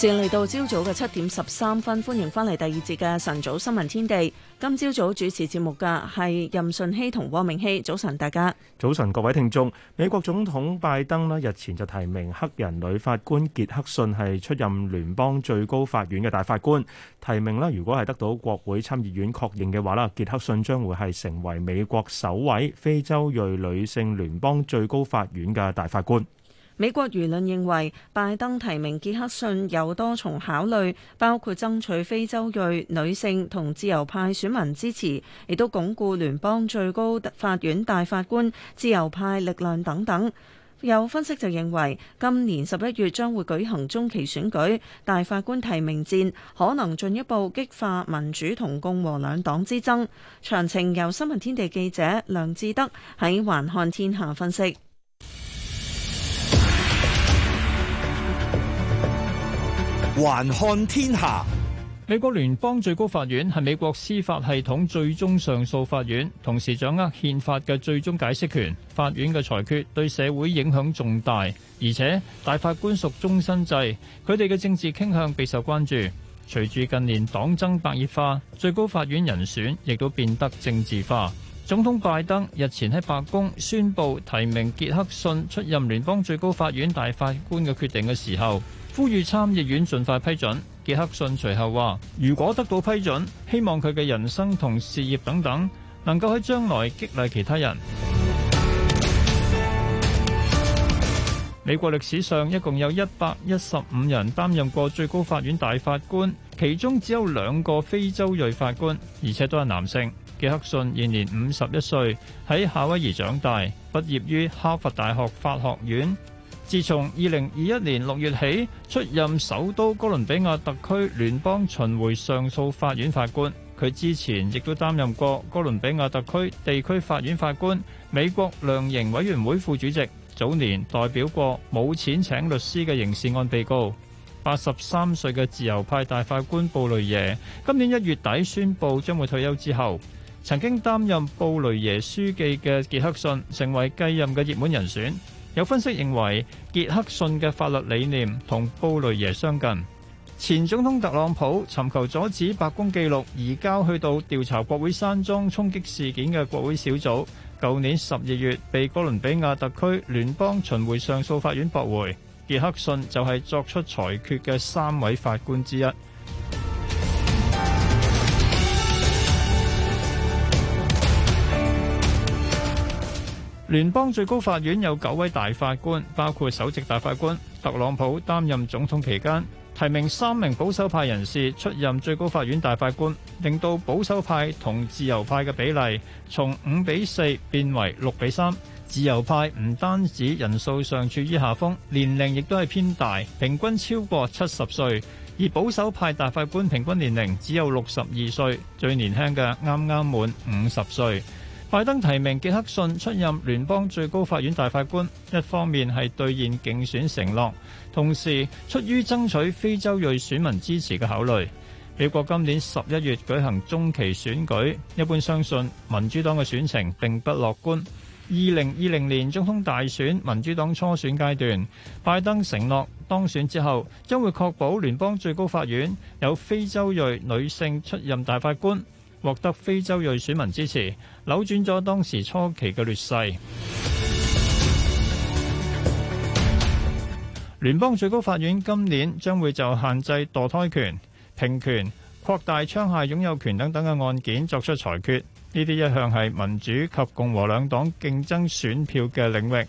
時嚟到朝早嘅七點十三分，歡迎返嚟第二節嘅晨早新聞天地。今朝早主持節目嘅係任順熙同汪明熙。早晨大家，早晨各位聽眾。美國總統拜登啦，日前就提名黑人女法官傑克遜係出任聯邦最高法院嘅大法官。提名啦，如果係得到國會參議院確認嘅話啦，傑克遜將會係成為美國首位非洲裔女性聯邦最高法院嘅大法官。美國輿論認為，拜登提名傑克遜有多重考慮，包括爭取非洲裔、女性同自由派選民支持，亦都鞏固聯邦最高法院大法官自由派力量等等。有分析就認為，今年十一月將會舉行中期選舉，大法官提名戰可能進一步激化民主同共和兩黨之爭。詳情由新聞天地記者梁志德喺環看天下分析。還看天下。美國聯邦最高法院係美國司法系統最終上訴法院，同時掌握憲法嘅最終解釋權。法院嘅裁決對社會影響重大，而且大法官屬終身制，佢哋嘅政治傾向備受關注。隨住近年黨爭白熱化，最高法院人選亦都變得政治化。總統拜登日前喺白宮宣布提名傑克遜出任聯邦最高法院大法官嘅決定嘅時候。呼籲參議院盡快批准。傑克遜隨後話：如果得到批准，希望佢嘅人生同事業等等，能夠喺將來激勵其他人。 美國歷史上一共有一百一十五人擔任過最高法院大法官，其中只有兩個非洲裔法官，而且都係男性。傑克遜現年五十一歲，喺夏威夷長大，畢業於哈佛大學法學院。自從二零二一年六月起出任首都哥倫比亞特區聯邦巡回上訴法院法官，佢之前亦都擔任過哥倫比亞特區地區法院法官、美國量刑委員會副主席，早年代表過冇錢請律師嘅刑事案被告。八十三歲嘅自由派大法官布雷耶今年一月底宣布將會退休之後，曾經擔任布雷耶書記嘅傑克遜成為繼任嘅熱門人選。有分析認為，傑克遜嘅法律理念同布雷耶相近。前總統特朗普尋求阻止白宮記錄移交去到調查國會山莊衝擊事件嘅國會小組，舊年十二月被哥倫比亞特區聯邦巡迴上訴法院駁回。傑克遜就係作出裁決嘅三位法官之一。聯邦最高法院有九位大法官，包括首席大法官，特朗普擔任總統期間，提名三名保守派人士出任最高法院大法官，令到保守派同自由派嘅比例從五比四變為六比三。自由派唔單止人數上處於下風，年齡亦都係偏大，平均超過七十歲，而保守派大法官平均年齡只有六十二歲，最年輕嘅啱啱滿五十歲。拜登提名傑克遜出任聯邦最高法院大法官，一方面係兌現競選承諾，同時出於爭取非洲裔選民支持嘅考慮，美國今年十一月舉行中期選舉，一般相信民主黨嘅選情並不樂觀，二零二零年總統大選民主黨初選階段，拜登承諾當選之後將會確保聯邦最高法院有非洲裔女性出任大法官。獲得非洲裔選民支持，扭轉咗當時初期嘅劣勢。聯邦最高法院今年將會就限制墮胎權、平權、擴大槍械擁有權等等嘅案件作出裁決，呢啲一向係民主及共和兩黨競爭選票嘅領域。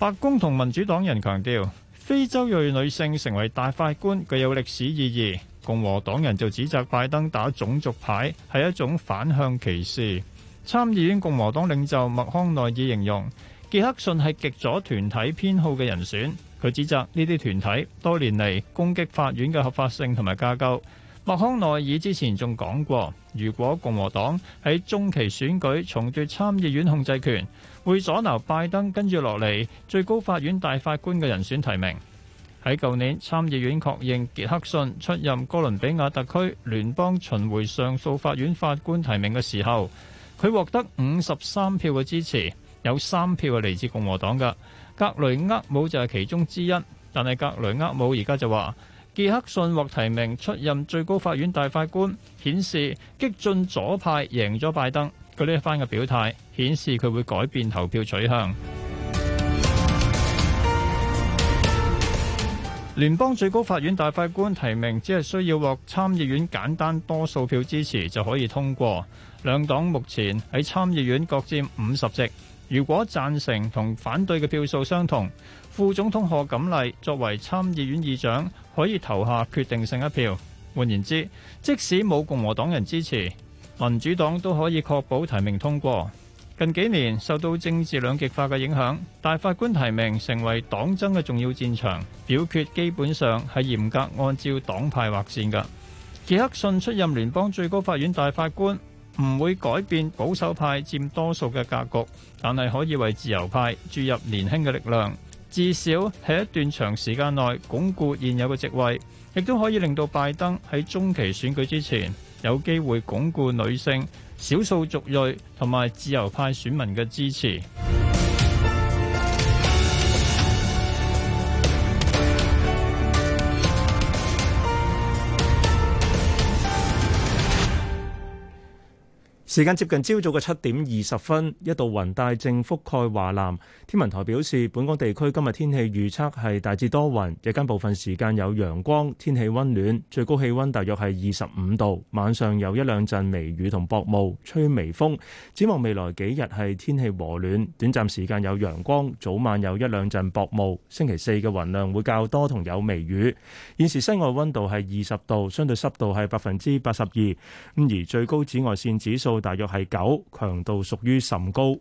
白宮同民主黨人強調，非洲裔女性成為大法官具有歷史意義。共和黨人就指責拜登打種族牌係一種反向歧視。參議院共和黨領袖麥康奈爾形容傑克遜係極左團體偏好嘅人選，佢指責呢啲團體多年嚟攻擊法院嘅合法性同埋架構。麥康奈爾之前仲講過，如果共和黨喺中期選舉重奪參議院控制權，會阻撓拜登跟住落嚟最高法院大法官嘅人選提名。喺舊年參議院確認傑克遜出任哥倫比亞特區聯邦巡迴上訴法院法官提名嘅時候，佢獲得五十三票嘅支持，有三票係嚟自共和黨嘅。格雷厄姆就係其中之一。但係格雷厄姆而家就話傑克遜獲提名出任最高法院大法官，顯示激進左派贏咗拜登。佢呢一番嘅表態顯示佢會改變投票取向。聯邦最高法院大法官提名只係需要獲參議院簡單多數票支持就可以通過，兩黨目前喺參議院各佔五十席，如果讚成同反對嘅票數相同，副總統賀錦麗作為參議院議長可以投下決定性一票。換言之，即使冇共和黨人支持，民主黨都可以確保提名通過。近幾年受到政治兩極化嘅影響，大法官提名成為黨爭嘅重要戰場，表決基本上係嚴格按照黨派劃線噶。傑克遜出任聯邦最高法院大法官，唔會改變保守派佔多數嘅格局，但係可以為自由派注入年輕嘅力量，至少喺一段長時間內鞏固現有嘅席位，亦都可以令到拜登喺中期選舉之前有機會鞏固女性少數族裔同埋自由派選民嘅支持。時間接近朝早嘅七點二十分，一道雲帶正覆蓋華南。天文台表示，本港地區今日天氣預測係大致多雲，日間部分時間有陽光，天氣溫暖，最高氣溫大約係二十五度。晚上有一兩陣微雨同薄霧，吹微風。展望未來幾日係天氣和暖，短暫時間有陽光，早晚有一兩陣薄霧。星期四嘅雲量會較多同有微雨。現時室外溫度係二十度，相對濕度係百分之八十二，咁而最高紫外線指數。大約係九，強度，屬於甚高。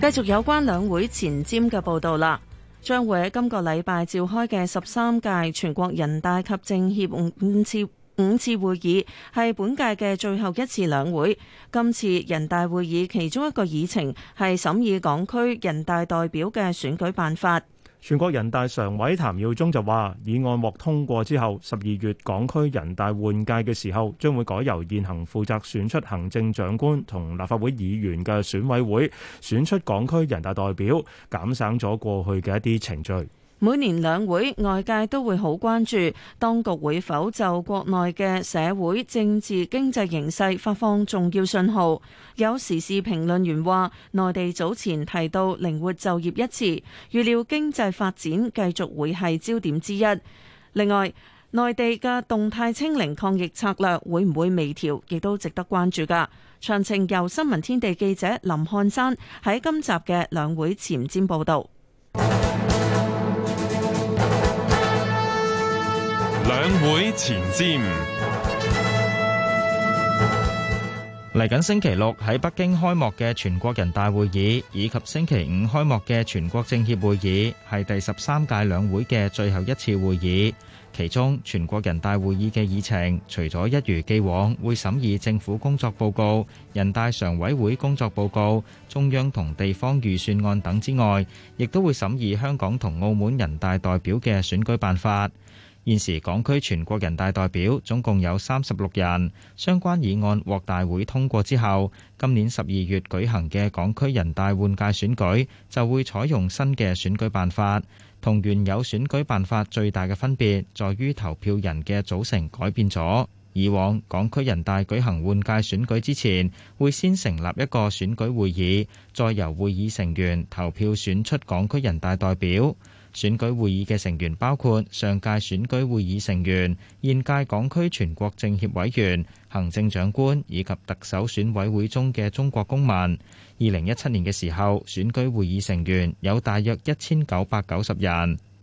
繼續有關兩會前瞻嘅報道啦，將會喺今個禮拜召開嘅十三屆全國人大及政協五次。五次會議，係本屆嘅最後一次兩會，今次人大會議其中一個議程係審議港區人大代表嘅選舉辦法。全國人大常委譚耀宗就話，議案獲通過之後，十二月港區人大換屆嘅時候，將會改由現行負責選出行政長官同立法會議員嘅選委會，選出港區人大代表，減省咗過去嘅一啲程序。每年兩會，外界都會好關注當局會否就國內嘅社會、政治、經濟形勢發放重要信號。有時事評論員話，內地早前提到靈活就業一詞，預料經濟發展繼續會係焦點之一。另外，內地嘅動態清零抗疫策略會唔會微調，亦都值得關注㗎。詳情由新聞天地記者林漢山喺今集嘅兩會前瞻報導。兩會前瞻。嚟緊星期六喺北京開幕嘅全國人大會議，以及星期五開幕嘅全國政協會議，係第十三屆兩會嘅最後一次會議。其中，全國人大會議嘅議程，除咗一如既往會審議政府工作報告、人大常委會工作報告、中央同地方預算案等之外，亦都會審議香港同澳門人大代表嘅選舉辦法。現時港區全國人大代表總共有三十六人，相關議案獲大會通過之後，今年十二月舉行嘅港區人大換屆選舉就會採用新嘅選舉辦法，同原有選舉辦法最大嘅分別在於投票人嘅組成改變咗。以往港區人大舉行換屆選舉之前，會先成立一個選舉會議，再由會議成員投票選出港區人大代表。選舉會議嘅成員包括上屆選舉會議成員、現屆港區全國政協委員、行政長官以及特首選委會中嘅中國公民。二零一七年嘅時候，選舉會議成員有大約一千九百九十人。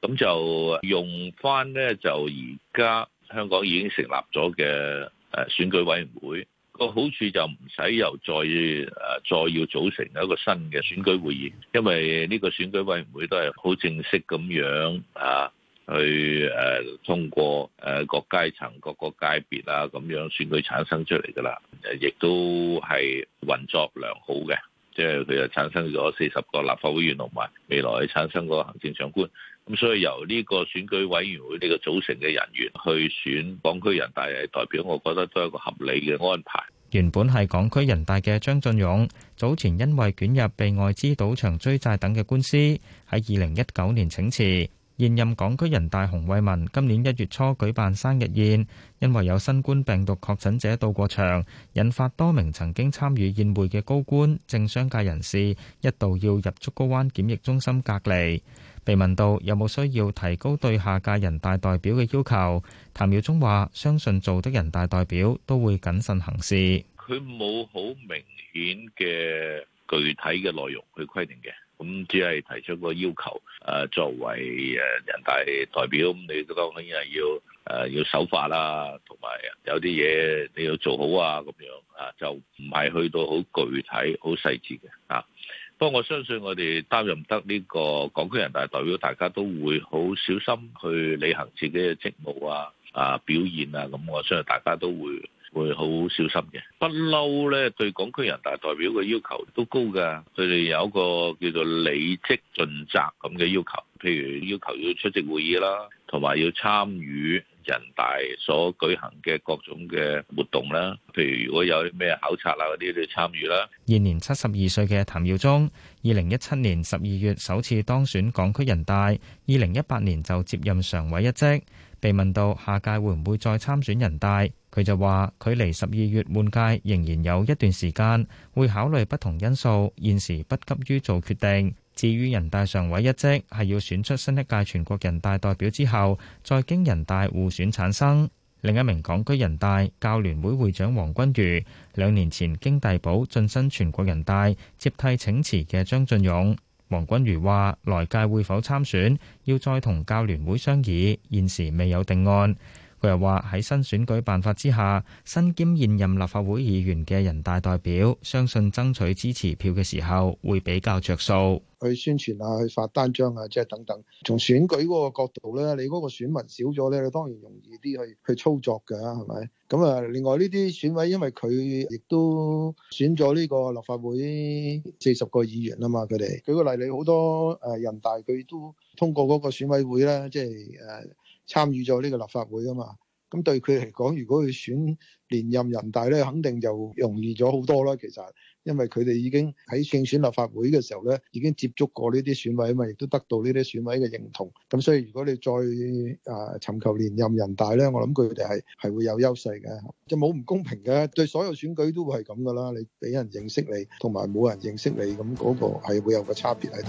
咁就用翻咧，就而家香港已經成立咗嘅誒選舉委員會，個好處就唔使又再誒再要組成一個新嘅選舉會議，因為呢個選舉委員會都係好正式咁樣啊去誒通過誒各階層、各個界別啊咁樣選舉產生出嚟㗎啦，誒亦都係運作良好嘅，即係佢又產生咗四十個立法會議員同埋未來產生個行政長官。咁所以由呢個選舉委員會呢個組成嘅人員去選港區人大嘅代表，我覺得都係一個合理嘅安排。原本係港區人大嘅張俊勇，早前因為捲入被外資賭場追債等嘅官司，喺二零一九年請辭。現任港區人大洪為民今年一月初舉辦生日宴，因為有新冠病毒確診者到過場，引發多名曾經參與宴會嘅高官、政商界人士一度要入竹篙灣檢疫中心隔離。被問到有冇需要提高對下屆人大代表嘅要求，譚耀宗話：相信做的人大代表都會謹慎行事。佢冇好明顯嘅具體嘅內容去規定嘅，咁只係提出個要求。誒，作為誒人大代表，咁你當然係要誒、呃、要守法啦，同埋有啲嘢你要做好啊咁樣啊，就唔係去到好具體、好細緻嘅啊。不過我相信我哋擔任得呢個港區人大代表，大家都會好小心去履行自己嘅職務啊！啊，表現啊！咁我相信大家都會會好小心嘅。不嬲咧，對港區人大代表嘅要求都高㗎。佢哋有一個叫做履職盡責咁嘅要求，譬如要求要出席會議啦，同埋要參與。人大所舉行嘅各種嘅活動啦，譬如如果有啲咩考察啊嗰啲，都要參與啦。現年七十二歲嘅譚耀宗，二零一七年十二月首次當選港區人大，二零一八年就接任常委一職。被問到下屆會唔會再參選人大，佢就話距離十二月換屆仍然有一段時間，會考慮不同因素，現時不急於做決定。至於人大常委一職，係要選出新一屆全國人大代表之後，再經人大互選產生。另一名港區人大教聯會會長黃均瑜兩年前經遞補晉身全國人大，接替請辭嘅張進勇。黃均瑜話：來屆會否參選，要再同教聯會商議，現時未有定案。佢又話喺新選舉辦法之下，身兼現任立法會議員嘅人大代表，相信爭取支持票嘅時候會比較着數。去宣傳啊，去發單張啊，即係等等。從選舉嗰個角度咧，你嗰個選民少咗咧，你當然容易啲去去操作㗎啦，係咪？咁啊，另外呢啲選委因為佢亦都選咗呢個立法會四十個議員啊嘛，佢哋舉個例，你好多誒人大佢都通過嗰個選委會咧，即係誒。參與咗呢個立法會啊嘛，咁對佢嚟講，如果佢選連任人大咧，肯定就容易咗好多啦。其實，因為佢哋已經喺競選立法會嘅時候咧，已經接觸過呢啲選委啊嘛，亦都得到呢啲選委嘅認同。咁所以，如果你再啊尋求連任人大咧，我諗佢哋係係會有優勢嘅，就冇唔公平嘅。對所有選舉都會係咁噶啦，你俾人認識你，同埋冇人認識你，咁嗰個係會有個差別喺度。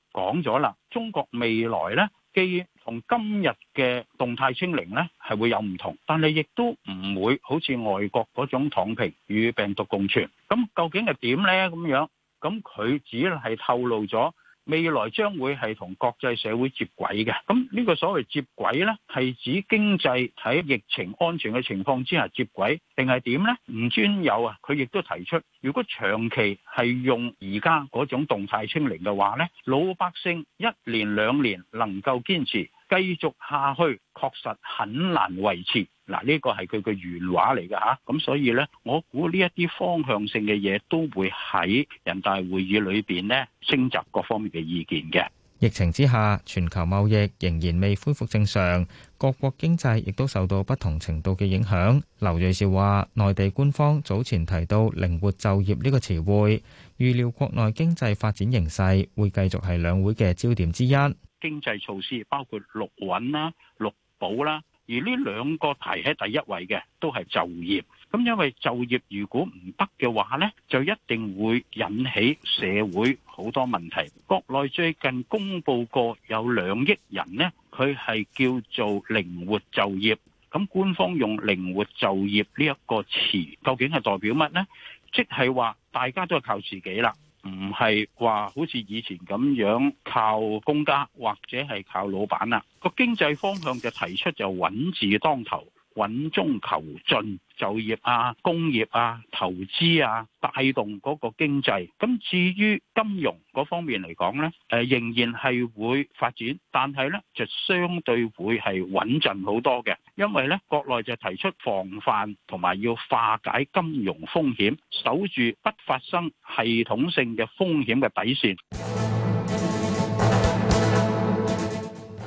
講咗啦，中國未來呢，既同今日嘅動態清零呢係會有唔同，但係亦都唔會好似外國嗰種躺平與病毒共存。咁究竟係點呢？咁樣，咁佢只係透露咗。未來將會係同國際社會接軌嘅，咁、這、呢個所謂接軌呢，係指經濟喺疫情安全嘅情況之下接軌，定係點呢？吳尊友啊，佢亦都提出，如果長期係用而家嗰種動態清零嘅話呢，老百姓一年兩年能夠堅持。繼續下去，確實很難維持。嗱，呢個係佢嘅原話嚟嘅吓。咁所以呢，我估呢一啲方向性嘅嘢都會喺人大會議裏邊呢，徵集各方面嘅意見嘅。疫情之下，全球貿易仍然未恢復正常，各國經濟亦都受到不同程度嘅影響。劉瑞兆話，內地官方早前提到靈活就業呢個詞彙，預料國內經濟發展形勢會繼續係兩會嘅焦點之一。經濟措施包括六穩啦、六保啦，而呢兩個排喺第一位嘅都係就業。咁因為就業如果唔得嘅話呢，就一定會引起社會好多問題。國內最近公布過有兩億人呢，佢係叫做靈活就業。咁官方用靈活就業呢一個詞，究竟係代表乜呢？即係話大家都係靠自己啦。唔係話好似以前咁樣靠公家或者係靠老闆啦，個經濟方向嘅提出就穩字當頭。穩中求進，就業啊、工業啊、投資啊，帶動嗰個經濟。咁至於金融嗰方面嚟講呢，誒仍然係會發展，但係呢就相對會係穩陣好多嘅，因為呢國內就提出防範同埋要化解金融風險，守住不發生系統性嘅風險嘅底線。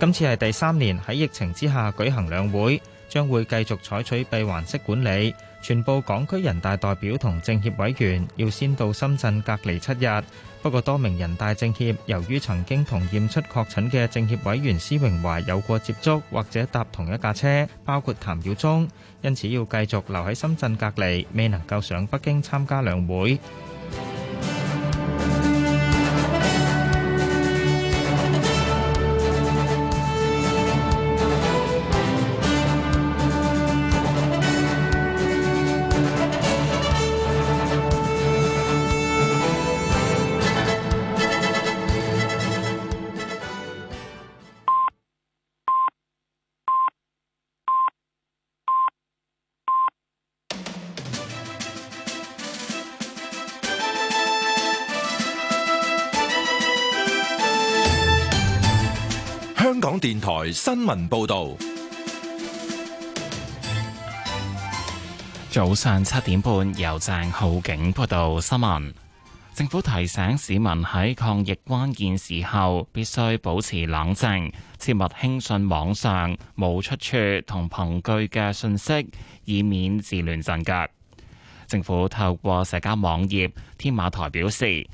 今次係第三年喺疫情之下舉行兩會。將會繼續採取閉環式管理，全部港區人大代表同政協委員要先到深圳隔離七日。不過多名人大政協由於曾經同驗出確診嘅政協委員施榮懷有過接觸或者搭同一架車，包括譚耀宗，因此要繼續留喺深圳隔離，未能夠上北京參加兩會。台新聞報導，早上七點半由鄭浩景報道新聞。政府提醒市民喺抗疫關鍵時候，必須保持冷靜，切勿輕信網上冇出處同憑據嘅信息，以免自亂陣腳。政府透過社交網頁添馬台表示，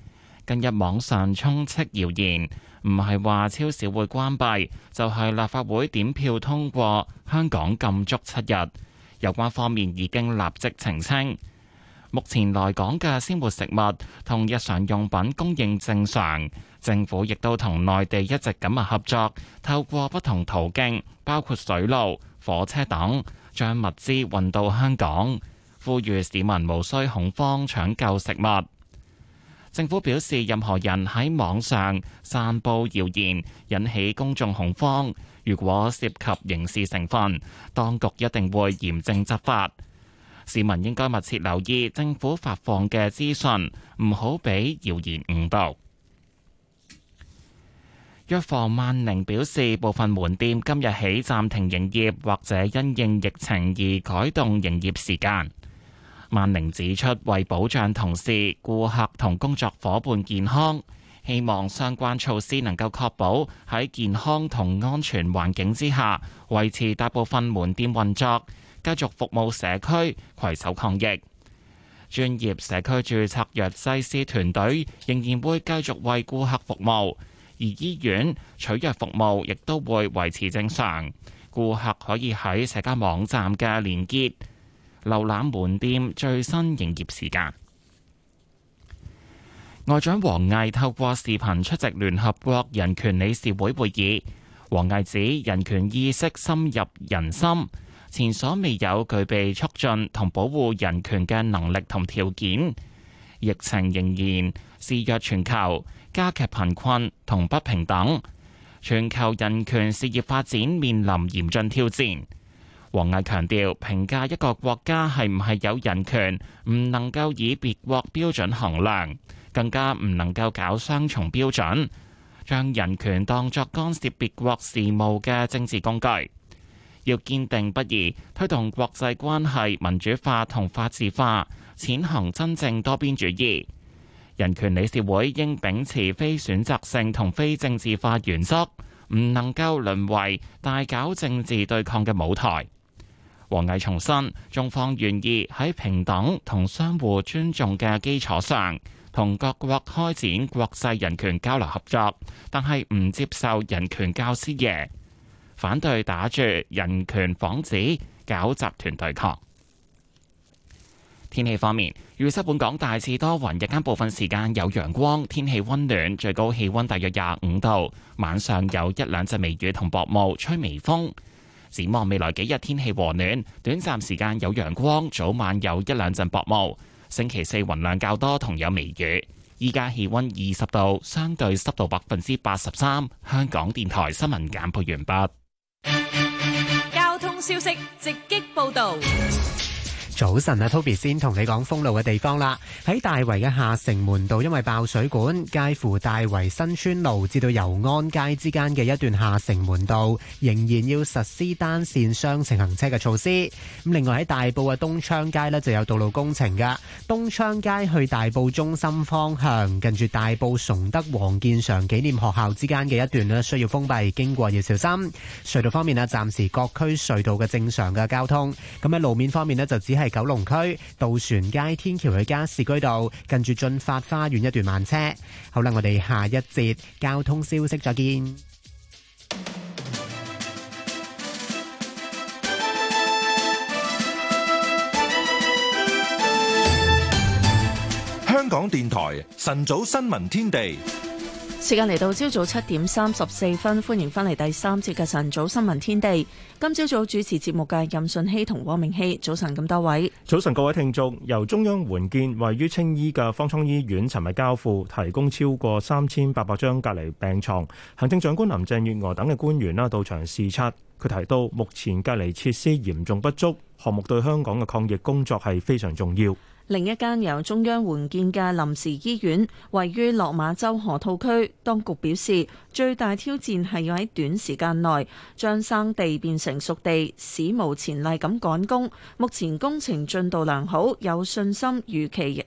近日網上充斥謠言。唔係話超市會關閉，就係立法會點票通過香港禁足七日。有關方面已經立即澄清，目前來港嘅鮮活食物同日常用品供應正常。政府亦都同內地一直緊密合作，透過不同途徑，包括水路、火車等，將物資運到香港。呼籲市民無需恐慌搶救食物。政府表示，任何人喺網上散布謠言，引起公眾恐慌，如果涉及刑事成分，當局一定會嚴正執法。市民應該密切留意政府發放嘅資訊，唔好俾謠言誤導。藥房萬寧表示，部分門店今日起暫停營業或者因應疫情而改動營業時間。萬寧指出，為保障同事、顧客同工作伙伴健康，希望相關措施能夠確保喺健康同安全環境之下，維持大部分門店運作，繼續服務社區，攜手抗疫。專業社區註冊藥劑師團隊仍然會繼續為顧客服務，而醫院取藥服務亦都會維持正常。顧客可以喺社交網站嘅連結，瀏覽門店最新營業時間。外長王毅透過視頻出席聯合國人權理事會會議。王毅指，人權意識深入人心，前所未有具備促進同保護人權嘅能力同條件。疫情仍然肆虐全球，加劇貧困同不平等，全球人權事業發展面臨嚴峻挑戰。王毅強調，評價一個國家係唔係有人權，唔能夠以別國標準衡量，更加唔能夠搞雙重標準，將人權當作干涉別國事務嘅政治工具。要堅定不移推動國際關係民主化同法治化，踐行真正多邊主義。人權理事會應秉持非選擇性同非政治化原則，唔能夠淪為大搞政治對抗嘅舞台。王毅重申，中方願意喺平等同相互尊重嘅基礎上，同各國開展國際人權交流合作，但係唔接受人權教師爺，反對打住人權幌子搞集團對抗。天氣方面，預測本港大致多雲，日間部分時間有陽光，天氣溫暖，最高氣溫大約廿五度，晚上有一兩陣微雨同薄霧，吹微風。展望未來幾日，天氣和暖，短暫時間有陽光，早晚有一兩陣薄霧。星期四雲量較多，同有微雨。依家氣温二十度，相對濕度百分之八十三。香港電台新聞簡報完畢。交通消息直擊報道。早晨啊，Toby 先同你講封路嘅地方啦。喺大圍嘅下城門道，因為爆水管，介乎大圍新村路至到油安街之間嘅一段下城門道，仍然要實施單線雙程行車嘅措施。咁另外喺大埔嘅東昌街咧，就有道路工程噶。東昌街去大埔中心方向，近住大埔崇德黃建常紀念學校之間嘅一段咧，需要封閉，經過要小心。隧道方面啊，暫時各區隧道嘅正常嘅交通。咁喺路面方面咧，就只係。九龍區渡船街天橋去加士居道，跟住駿發花園一段慢車。好啦，我哋下一節交通消息再見。香港電台晨早新聞天地。時間嚟到朝早七點三十四分，歡迎返嚟第三節嘅晨早新聞天地。今朝早主持節目嘅任順熙同汪明熙，早晨咁多位。早晨各位。早晨各位聽眾，由中央援建位於青衣嘅方艙醫院，尋日交付，提供超過三千八百張隔離病床。行政長官林鄭月娥等嘅官員啦到場視察。佢提到，目前隔離設施嚴重不足，項目對香港嘅抗疫工作係非常重要。另一間由中央援建嘅臨時醫院，位於落馬洲河套區。當局表示，最大挑戰係要喺短時間內將生地變成熟地，史無前例咁趕工。目前工程進度良好，有信心如期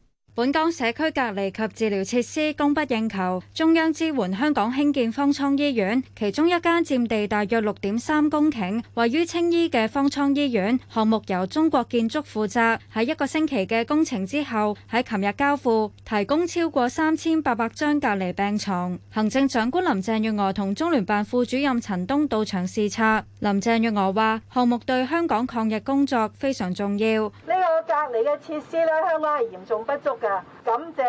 本港社區隔離及治療設施供不應求，中央支援香港興建方艙醫院，其中一間佔地大約六點三公頃，位於青衣嘅方艙醫院，項目由中國建築負責，喺一個星期嘅工程之後，喺琴日交付，提供超過三千八百張隔離病床。行政長官林鄭月娥同中聯辦副主任陳東到場視察。林鄭月娥話：項目對香港抗疫工作非常重要。隔離嘅設施呢，香港係嚴重不足嘅。感謝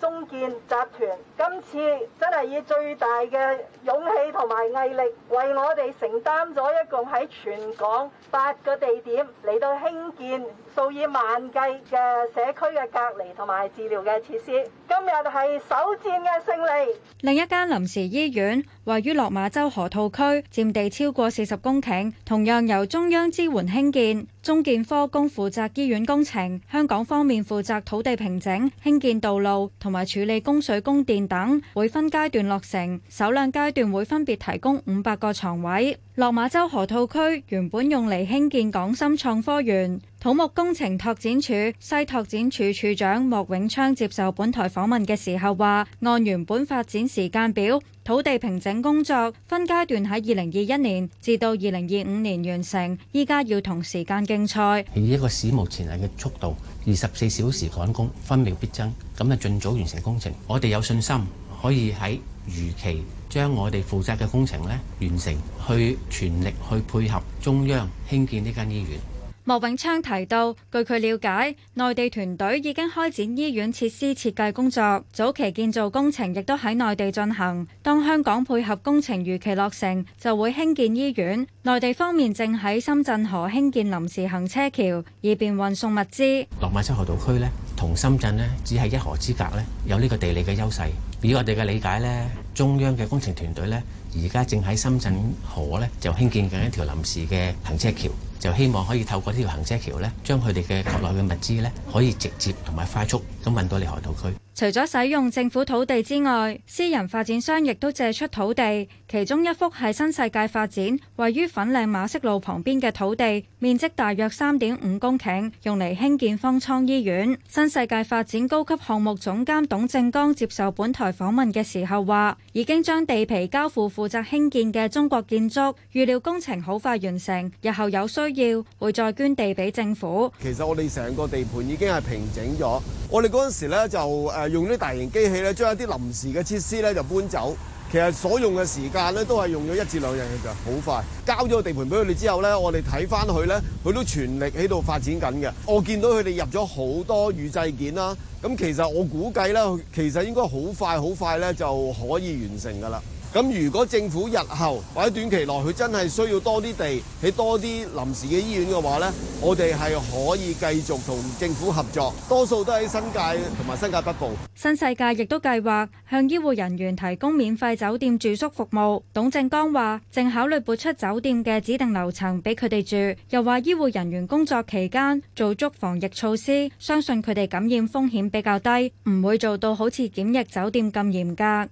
中建集團今次真係以最大嘅勇氣同埋毅力，為我哋承擔咗一共喺全港八個地點嚟到興建數以萬計嘅社區嘅隔離同埋治療嘅設施。今日係首戰嘅勝利。另一間臨時醫院位於落馬洲河套區，佔地超過四十公頃，同樣由中央支援興建。中建科工負責醫院工程，香港方面負責土地平整、興建道路同埋處理供水供電等，會分階段落成。首兩階段會分別提供五百個床位。落馬洲河套區原本用嚟興建港深創科園。土木工程拓展署西拓展處處長莫永昌接受本台訪問嘅時候話，按原本發展時間表，土地平整工作分階段喺二零二一年至到二零二五年完成，依家，要同時間競賽，以一個史無前例嘅速度，二十四小時趕工，分秒必爭，咁啊盡早完成工程。我哋有信心可以喺如期將我哋負責嘅工程咧完成，去全力去配合中央興建呢間醫院。莫永昌提到，據佢了解，內地團隊已經開展醫院設施設計工作，早期建造工程亦都喺內地進行。當香港配合工程如期落成，就會興建醫院。內地方面正喺深圳河興建臨時行車橋，以便運送物資。落馬洲河道區呢，同深圳呢，只係一河之隔呢，有呢個地理嘅優勢。以我哋嘅理解呢，中央嘅工程團隊呢，而家正喺深圳河呢，就興建緊一條臨時嘅行車橋。就希望可以透過呢條行車橋呢，將佢哋嘅國內嘅物資呢，可以直接同埋快速咁運到嚟河套區。除咗使用政府土地之外，私人發展商亦都借出土地，其中一幅係新世界發展位於粉嶺馬適路旁邊嘅土地，面積大約三點五公頃，用嚟興建方艙醫院。新世界發展高級項目總監董正剛接受本台訪問嘅時候話，已經將地皮交付負責興建嘅中國建築，預料工程好快完成，日後有需需要會再捐地俾政府。其實我哋成個地盤已經係平整咗。我哋嗰陣時呢就誒用啲大型機器呢，將一啲臨時嘅設施呢就搬走。其實所用嘅時間呢，都係用咗一至兩日嘅，就好快。交咗個地盤俾佢哋之後呢，我哋睇翻佢呢，佢都全力喺度發展緊嘅。我見到佢哋入咗好多預製件啦。咁其實我估計呢，其實應該好快好快呢就可以完成噶啦。咁如果政府日後或者短期內佢真係需要多啲地起多啲臨時嘅醫院嘅話呢，我哋係可以繼續同政府合作。多數都喺新界同埋新界北部。新世界亦都計劃向醫護人員提供免費酒店住宿服務，董正剛話正考慮撥出酒店嘅指定樓層俾佢哋住，又話醫護人員工作期間做足防疫措施，相信佢哋感染風險比較低，唔會做到好似檢疫酒店咁嚴格。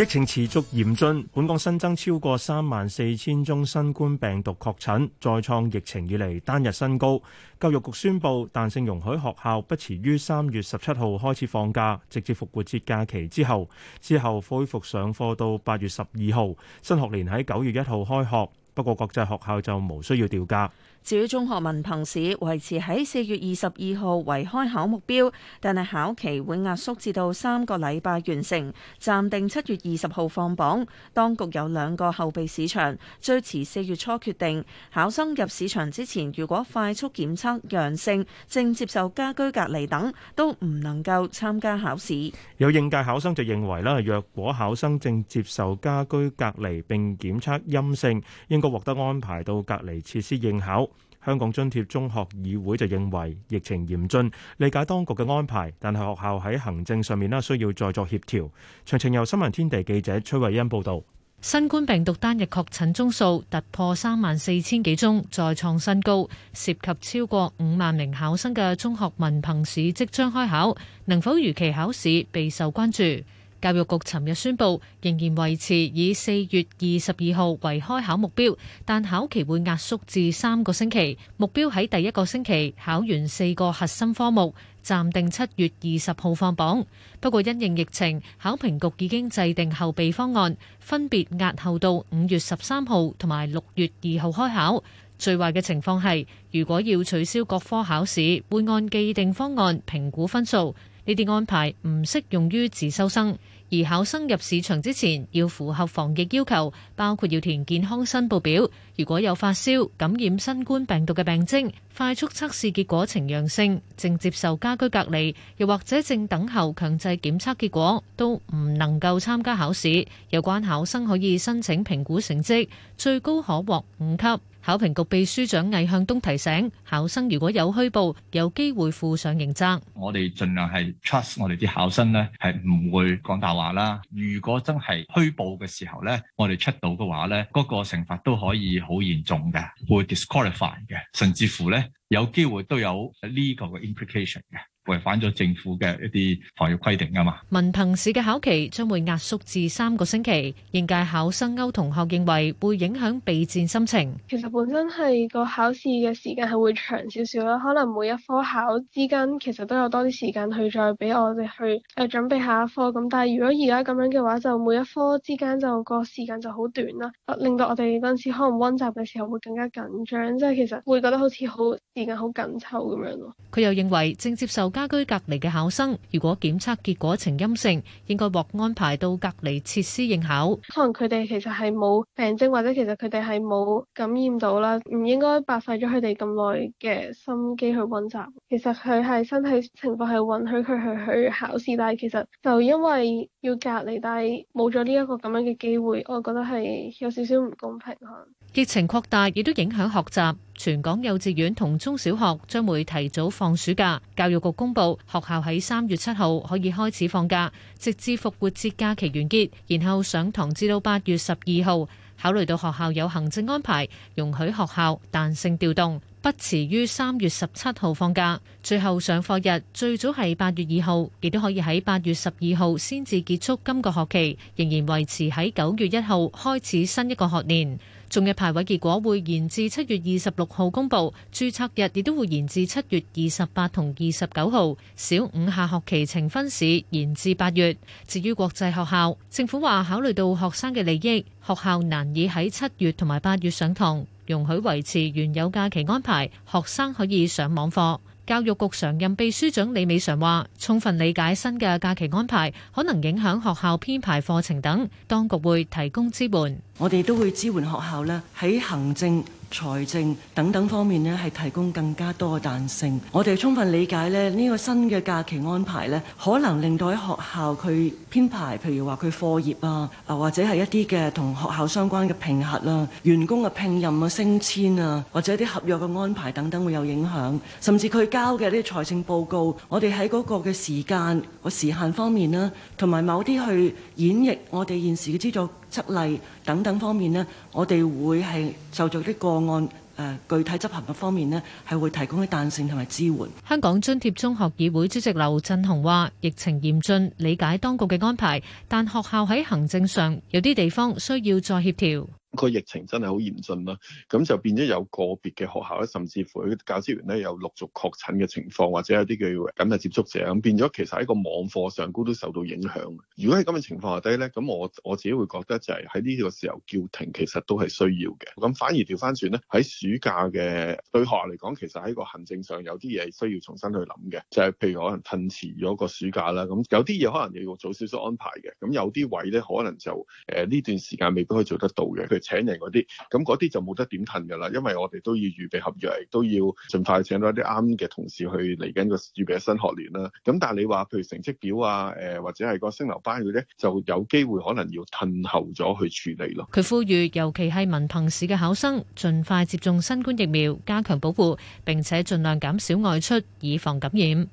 疫情持續嚴峻，本港新增超過三萬四千宗新冠病毒確診，再創疫情以嚟單日新高。教育局宣布，彈性容許學校不遲於三月十七號開始放假，直至復活節假期之後，之後恢復上課到八月十二號。新學年喺九月一號開學，不過國際學校就無需要調假。至於中學文憑試維持喺四月二十二號為開考目標，但係考期會壓縮至到三個禮拜完成，暫定七月二十號放榜。當局有兩個後備試場，最遲四月初決定。考生入試場之前，如果快速檢測陽性、正接受家居隔離等，都唔能夠參加考試。有應屆考生就認為啦，若果考生正接受家居隔離並檢測陰性，應該獲得安排到隔離設施應考。香港津貼中學議會就認為疫情嚴峻，理解當局嘅安排，但係學校喺行政上面咧需要再作協調。詳情由新聞天地記者崔慧欣報道。新冠病毒單日確診宗數突破三萬四千幾宗，再創新高，涉及超過五萬名考生嘅中學文憑試即將開考，能否如期考試備受關注。教育局尋日宣布，仍然維持以四月二十二號為開考目標，但考期會壓縮至三個星期，目標喺第一個星期考完四個核心科目，暫定七月二十號放榜。不過因應疫情，考評局已經制定後備方案，分別押後到五月十三號同埋六月二號開考。最壞嘅情況，係如果要取消各科考試，會按既定方案評估分數。呢啲安排唔適用於自修生。而考生入市場之前要符合防疫要求，包括要填健康申報表。如果有發燒感染新冠病毒嘅病徵、快速測試結果呈陽性、正接受家居隔離，又或者正等候強制檢測結果，都唔能夠參加考試，有關考生可以申請評估成績，最高可獲五級。考評局秘書長魏向東提醒考生，如果有虛報，有機會負上刑責。我哋盡量係 trust 我哋啲考生咧，係唔會講大話啦。如果真係虛報嘅時候呢，我哋出到嘅話呢，嗰個懲罰都可以好嚴重嘅，會 disqualify 嘅，甚至乎呢，有機會都有呢個嘅 implication 嘅。違反咗政府嘅一啲防疫規定啊嘛。文憑試嘅考期將會壓縮至三個星期，應屆考生歐同學認為會影響備戰心情。其實本身係個考試嘅時間係會長少少啦，可能每一科考之間其實都有多啲時間去再俾我哋去誒準備下一科。咁但係如果而家咁樣嘅話，就每一科之間就個時間就好短啦，令到我哋嗰陣時可能溫習嘅時候會更加緊張，即係其實會覺得好似好時間好緊湊咁樣咯。佢又認為正接受家居隔離嘅考生，如果檢測結果呈陰性，應該獲安排到隔離設施應考。可能佢哋其實係冇病徵，或者其實佢哋係冇感染到啦，唔應該白費咗佢哋咁耐嘅心機去溫習。其實佢係身體情況係允許佢去去考試，但係其實就因為要隔離，但係冇咗呢一個咁樣嘅機會，我係覺得係有少少唔公平吓。疫情擴大，亦都影響學習。全港幼稚園同中小學將會提早放暑假。教育局公布，學校喺三月七號可以開始放假，直至復活節假期完結，然後上堂至到八月十二號。考慮到學校有行政安排，容許學校彈性調動。不遲於三月十七號放假，最後上課日最早係八月二號，亦都可以喺八月十二號先至結束今個學期，仍然維持喺九月一號開始新一個學年。中一排位結果會延至七月二十六號公佈，註冊日亦都會延至七月二十八同二十九號。小五下學期呈分試延至八月。至於國際學校，政府話考慮到學生嘅利益，學校難以喺七月同埋八月上堂。容許維持原有假期安排，學生可以上網課。教育局常任秘書長李美嫦話：充分理解新嘅假期安排可能影響學校編排課程等，當局會提供支援。我哋都會支援學校啦，喺行政財政等等方面呢，係提供更加多嘅彈性。我哋充分理解呢，呢、呢個新嘅假期安排呢，可能令到喺學校佢編排，譬如話佢課業啊，啊或者係一啲嘅同學校相關嘅評核啦、員工嘅聘任啊、升遷啊，或者啲合約嘅安排等等會有影響，甚至佢交嘅啲財政報告，我哋喺嗰個嘅時間個時限方面呢，同埋某啲去演繹我哋現時嘅資助。則例等等方面呢，我哋會係就著啲個案誒、呃，具體執行嘅方面呢，係會提供啲彈性同埋支援。香港津貼中學議會主席劉振雄話，疫情嚴峻，理解當局嘅安排，但學校喺行政上有啲地方需要再協調。個疫情真係好嚴峻啦、啊，咁就變咗有個別嘅學校咧，甚至乎啲教職員咧有陸續確診嘅情況，或者有啲叫緊密接觸者咁，變咗其實喺個網課上高都受到影響。如果係咁嘅情況下低咧，咁我我自己會覺得就係喺呢個時候叫停其實都係需要嘅。咁反而調翻轉咧，喺暑假嘅對學校嚟講，其實喺個行政上有啲嘢需要重新去諗嘅，就係、是、譬如可能褪遲咗個暑假啦，咁有啲嘢可能要早少少安排嘅。咁有啲位咧可能就誒呢、呃、段時間未必可以做得到嘅。請人嗰啲，咁嗰啲就冇得點褪噶啦，因為我哋都要預備合約，都要盡快請到一啲啱嘅同事去嚟緊個預備新學年啦。咁但係你話譬如成績表啊，誒或者係個升流班嗰啲，就有機會可能要褪後咗去處理咯。佢呼籲，尤其係文憑試嘅考生，盡快接種新冠疫苗，加強保護，並且盡量減少外出，以防感染。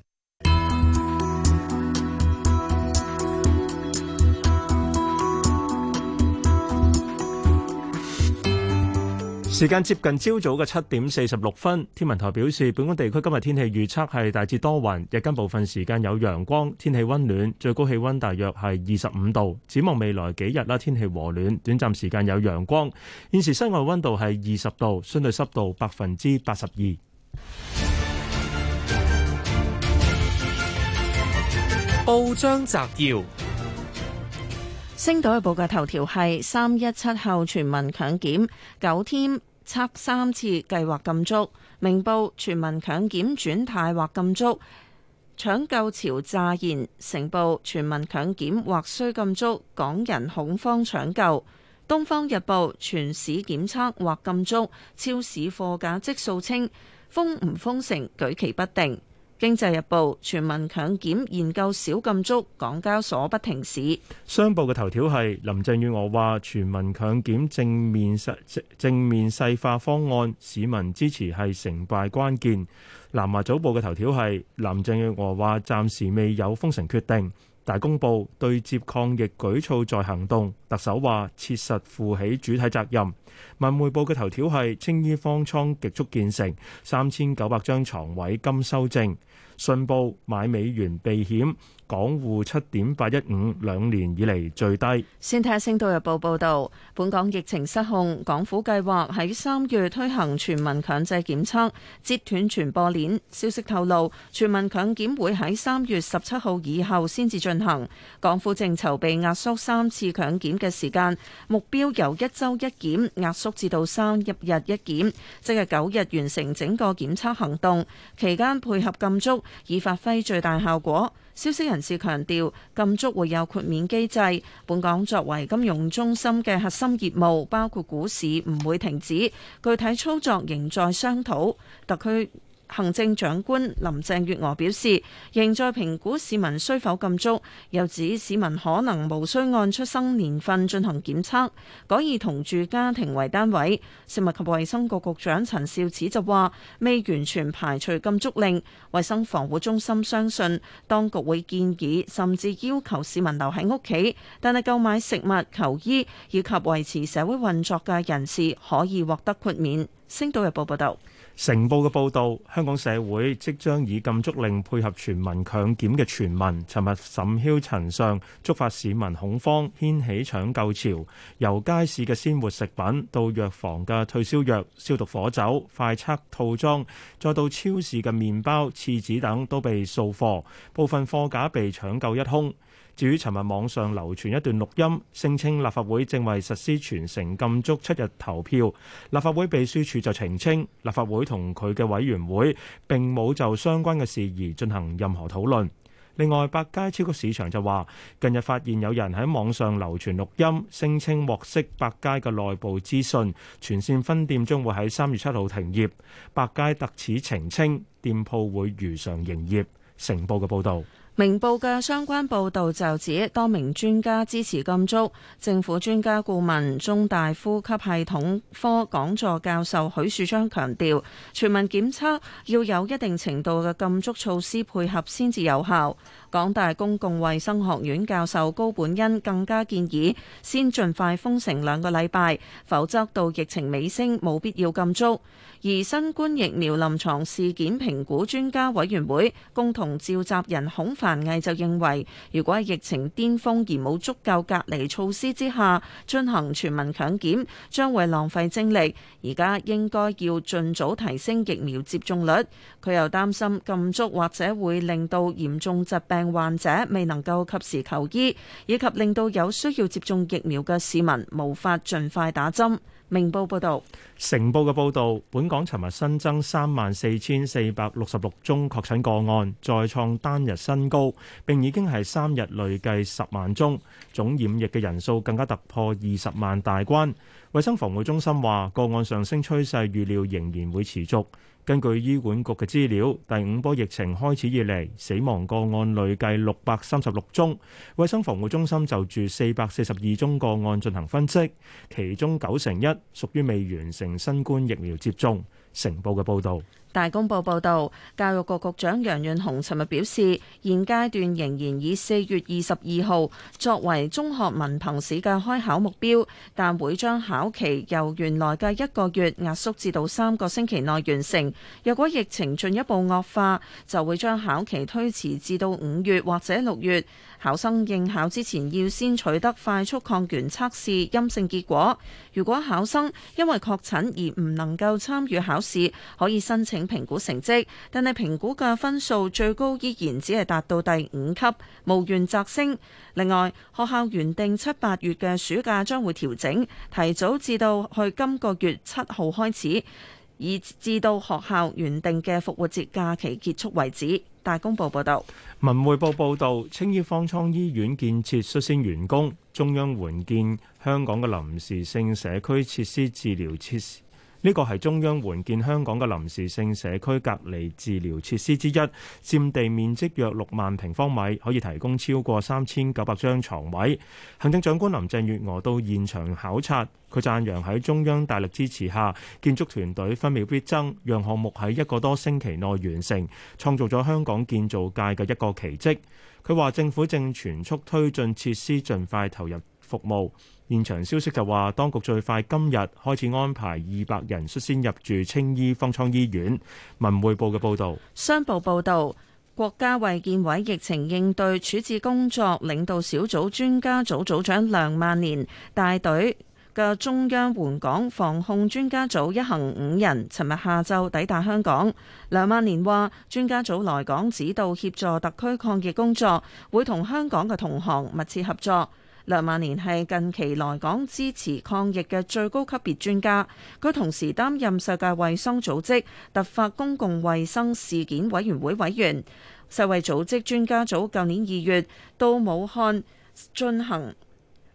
時間接近朝早嘅七點四十六分，天文台表示，本港地區今日天氣預測係大致多雲，日間部分時間有陽光，天氣温暖，最高氣温大約係二十五度。展望未來幾日啦，天氣和暖，短暫時間有陽光。現時室外温度係二十度，相對濕度百分之八十二。報章摘要：星島日報嘅頭條係三一七後全民強檢九天。拆三次計劃禁足，明報全民強檢轉態或禁足，搶救潮乍現，成報全民強檢或需禁足，港人恐慌搶救，東方日報全市檢測或禁足，超市貨架即掃清，封唔封城舉棋不定。《經濟日報》全民強檢研究小禁足，港交所不停市。商報嘅頭條係林鄭月娥話全民強檢正面細正面細化方案，市民支持係成敗關鍵。南華早報嘅頭條係林鄭月娥話暫時未有封城決定。大公報對接抗疫舉措在行動，特首話切實負起主體責任。文匯報嘅頭條係青衣方艙極速建成，三千九百張床位今修正。信報買美元避險。港匯七點八一五，兩年以嚟最低。先睇下《星島日報》報道，本港疫情失控，港府計劃喺三月推行全民強制檢測，截斷傳播鏈。消息透露，全民強檢會喺三月十七號以後先至進行。港府正籌備壓縮三次強檢嘅時間，目標由一周一檢壓縮至到三日一檢，即係九日完成整個檢測行動。期間配合禁足，以發揮最大效果。消息人士強調，禁足會有豁免機制。本港作為金融中心嘅核心業務，包括股市，唔會停止。具體操作仍在商討。特區行政長官林鄭月娥表示，仍在評估市民需否禁足，又指市民可能無需按出生年份進行檢測，改以同住家庭為單位。食物及衛生局局長陳肇始就話，未完全排除禁足令。衛生防護中心相信，當局會建議甚至要求市民留喺屋企，但係購買食物求衣、求醫以及維持社會運作嘅人士可以獲得豁免。星島日報報道。成報嘅報導，香港社會即將以禁足令配合全民強檢嘅傳聞，尋日甚囂塵上觸發市民恐慌，掀起搶購潮。由街市嘅鮮活食品到藥房嘅退燒藥、消毒火酒、快測套裝，再到超市嘅麵包、廁紙等，都被掃貨，部分貨架被搶購一空。至於尋日網上流傳一段錄音，聲稱立法會正為實施全城禁足七日投票，立法會秘書處就澄清，立法會同佢嘅委員會並冇就相關嘅事宜進行任何討論。另外，百佳超級市場就話，近日發現有人喺網上流傳錄音，聲稱獲悉百佳嘅內部資訊，全線分店將會喺三月七號停業。百佳特此澄清，店鋪會如常營業。成報嘅報導。明報嘅相關報導就指，多名專家支持禁足。政府專家顧問、中大呼吸系統科講座教授許樹昌強調，全民檢測要有一定程度嘅禁足措施配合先至有效。港大公共衛生學院教授高本恩更加建議，先盡快封城兩個禮拜，否則到疫情尾聲冇必要禁足。而新冠疫苗臨牀事件評估專家委員會共同召集人孔凡毅就認為，如果喺疫情巔峰而冇足夠隔離措施之下進行全民強檢將會浪費精力。而家應該要盡早提升疫苗接種率。佢又擔心禁足或者會令到嚴重疾病患者未能夠及時求醫，以及令到有需要接種疫苗嘅市民無法盡快打針。明報報道，成報嘅報道，本港尋日新增三萬四千四百六十六宗確診個案，再創單日新高，並已經係三日累計十萬宗，總染疫嘅人數更加突破二十萬大關。衛生防護中心話，個案上升趨勢預料仍然會持續。根據醫管局嘅資料，第五波疫情開始以嚟，死亡個案累計六百三十六宗。衞生防護中心就住四百四十二宗個案進行分析，其中九成一屬於未完成新冠疫苗接種。成報嘅報導。大公報報導，教育局局長楊潤雄尋日表示，現階段仍然以四月二十二號作為中學文憑試嘅開考目標，但會將考期由原來嘅一個月壓縮至到三個星期內完成。若果疫情進一步惡化，就會將考期推遲至到五月或者六月。考生應考之前要先取得快速抗原測試陰性結果。如果考生因為確診而唔能夠參與考試，可以申請評估成績，但係評估嘅分數最高依然只係達到第五級，無緣擢升。另外，學校原定七八月嘅暑假將會調整，提早至到去今個月七號開始，以至到學校原定嘅復活節假期結束為止。大公報報道，文匯報報道，青衣方艙醫院建設率先完工，中央援建香港嘅臨時性社區設施治療設施。呢個係中央援建香港嘅臨時性社區隔離治療設施之一，佔地面積約六萬平方米，可以提供超過三千九百張床位。行政長官林鄭月娥到現場考察，佢讚揚喺中央大力支持下，建築團隊分秒必爭，讓項目喺一個多星期內完成，創造咗香港建造界嘅一個奇蹟。佢話政府正全速推進設施，盡快投入服務現場消息就話，當局最快今日開始安排二百人率先入住青衣方艙醫院。文匯報嘅報導，商報報導，國家衛健委疫情應對處置工作領導小組專家組組長梁萬年帶隊嘅中央援港防控專家組一行五人，尋日下晝抵達香港。梁萬年話：專家組來港指導協助特區抗疫工作，會同香港嘅同行密切合作。梁萬年係近期來港支持抗疫嘅最高級別專家，佢同時擔任世界衛生組織突發公共衛生事件委員會委員。世衛組織專家組舊年二月到武漢進行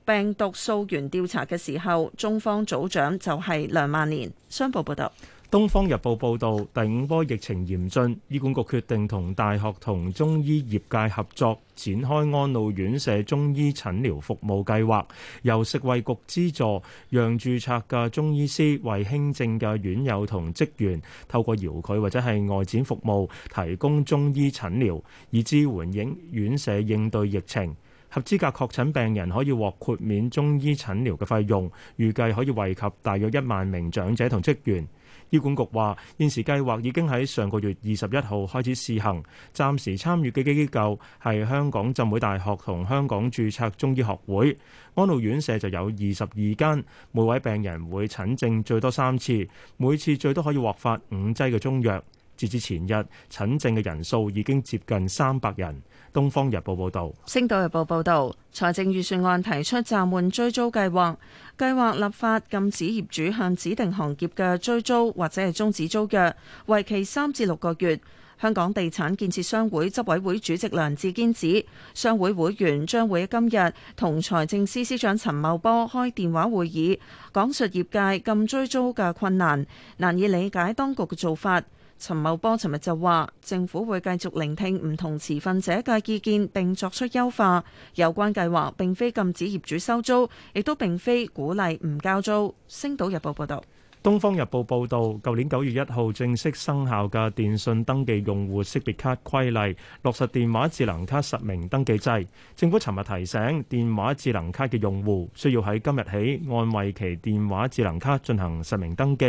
病毒溯源調查嘅時候，中方組長就係梁萬年。商報報道。《東方日報》報導，第五波疫情嚴峻，醫管局決定同大學同中醫業界合作，展開安老院舍中醫診療服務計劃，由食衞局資助，讓註冊嘅中醫師為輕症嘅院友同職員透過遙距或者係外展服務提供中醫診療，以支援應院舍應對疫情。合資格確診病人可以獲豁免中醫診療嘅費用，預計可以惠及大約一萬名長者同職員。醫管局話現時計劃已經喺上個月二十一號開始試行，暫時參與嘅機構係香港浸會大學同香港註冊中醫學會，安老院舍就有二十二間，每位病人會診症最多三次，每次最多可以獲發五劑嘅中藥，截至前日，診症嘅人數已經接近三百人。《東方日報》報導，《星島日報》報道：財政預算案提出暫緩追租計劃，計劃立法禁止業主向指定行業嘅追租或者係終止租約，為期三至六個月。香港地產建設商會執委會主席梁志堅指，商會會員將會今日同財政司司長陳茂波開電話會議，講述業界禁追租嘅困難，難以理解當局嘅做法。陳茂波尋日就話，政府會繼續聆聽唔同持份者嘅意見，並作出優化。有關計劃並非禁止業主收租，亦都並非鼓勵唔交租。星島日報報道。《東方日報》報導，舊年九月一號正式生效嘅電訊登記用戶識別卡規例，落實電話智能卡實名登記制。政府尋日提醒，電話智能卡嘅用戶需要喺今日起按為其電話智能卡進行實名登記。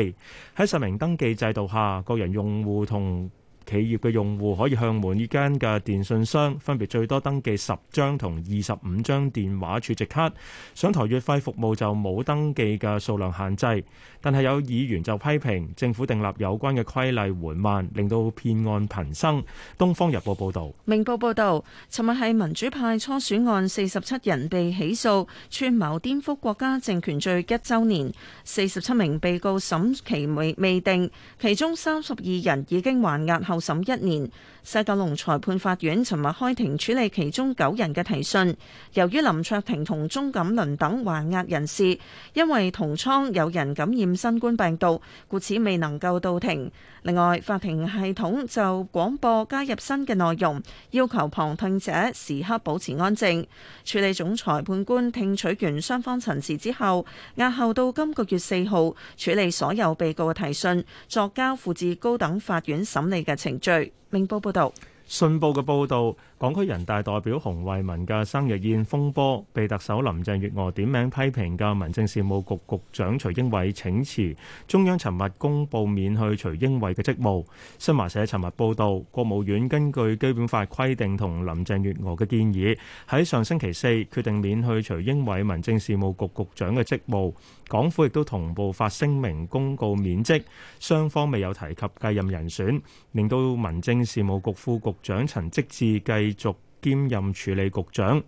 喺實名登記制度下，個人用戶同企業嘅用戶可以向每一間嘅電信商分別最多登記十張同二十五張電話儲值卡。上台月費服務就冇登記嘅數量限制。但係有議員就批評政府訂立有關嘅規例緩慢，令到騙案頻生。《東方日報》報道，《明報》報道，尋日係民主派初選案四十七人被起訴串謀顛覆國家政權罪一週年，四十七名被告審期未未定，其中三十二人已經還押後候審一年。西九龍裁判法院尋日開庭處理其中九人嘅提訊。由於林卓廷同鐘錦麟等還押人士，因為同倉有人感染新冠病毒，故此未能夠到庭。另外，法庭系統就廣播加入新嘅內容，要求旁聽者時刻保持安靜。處理總裁判官聽取完雙方陳詞之後，押後到今個月四號處理所有被告嘅提訊，作交付至高等法院審理嘅程序。明報報道。信報嘅報導，港區人大代表洪為民嘅生日宴風波，被特首林鄭月娥點名批評嘅民政事務局局長徐英偉請辭，中央尋日公佈免去徐英偉嘅職務。新華社尋日報道，國務院根據基本法規定同林鄭月娥嘅建議，喺上星期四決定免去徐英偉民政事務局局長嘅職務。港府亦都同步發聲明公告免職，雙方未有提及繼任人選，令到民政事務局副局局長陳積志繼續兼任處理局長。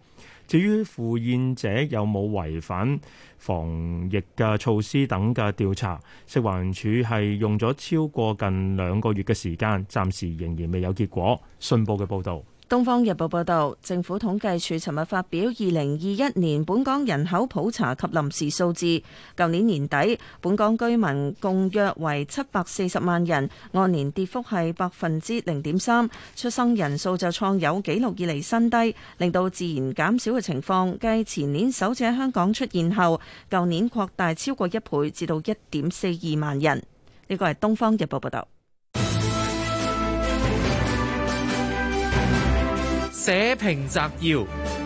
至於赴宴者有冇違反防疫嘅措施等嘅調查，食環署係用咗超過近兩個月嘅時間，暫時仍然未有結果。信報嘅報道。《東方日報》報導，政府統計處尋日發表二零二一年本港人口普查及臨時數字。舊年年底，本港居民共約為七百四十萬人，按年跌幅係百分之零點三，出生人數就創有紀錄以嚟新低，令到自然減少嘅情況繼前年首次喺香港出現後，舊年擴大超過一倍至到一點四二萬人。呢個係《東方日報》報導。寫評摘要。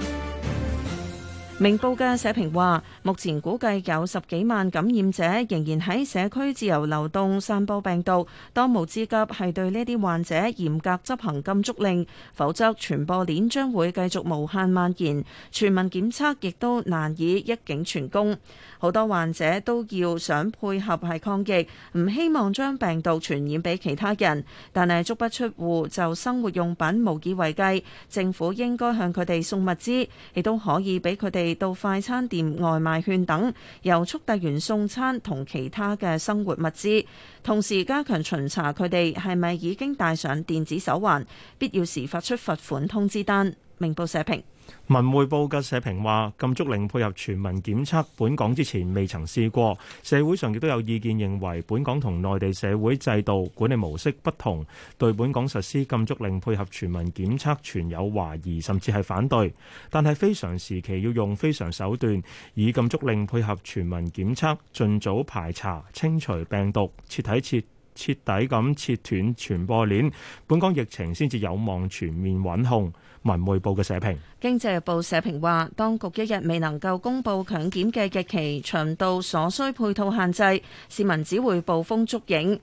明報嘅社評話，目前估計有十幾萬感染者仍然喺社區自由流動散播病毒，當務之急係對呢啲患者嚴格執行禁足令，否則傳播鏈將會繼續無限蔓延。全民檢測亦都難以一竟全功，好多患者都要想配合係抗疫，唔希望將病毒傳染俾其他人，但係足不出戶就生活用品無以為繼，政府應該向佢哋送物資，亦都可以俾佢哋。到快餐店外賣券等，由速遞員送餐同其他嘅生活物資，同時加強巡查，佢哋係咪已經戴上電子手環？必要時發出罰款通知單。明報社評。文匯報嘅社評話，禁足令配合全民檢測，本港之前未曾試過。社會上亦都有意見認為，本港同內地社會制度管理模式不同，對本港實施禁足令配合全民檢測，存有懷疑甚至係反對。但係非常時期要用非常手段，以禁足令配合全民檢測，盡早排查清除病毒，徹底徹徹底咁切斷傳播鏈，本港疫情先至有望全面穩控。文匯報嘅社評，經濟日報社評話：當局一日未能夠公布強檢嘅日期、長度、所需配套限制，市民只會捕風捉影。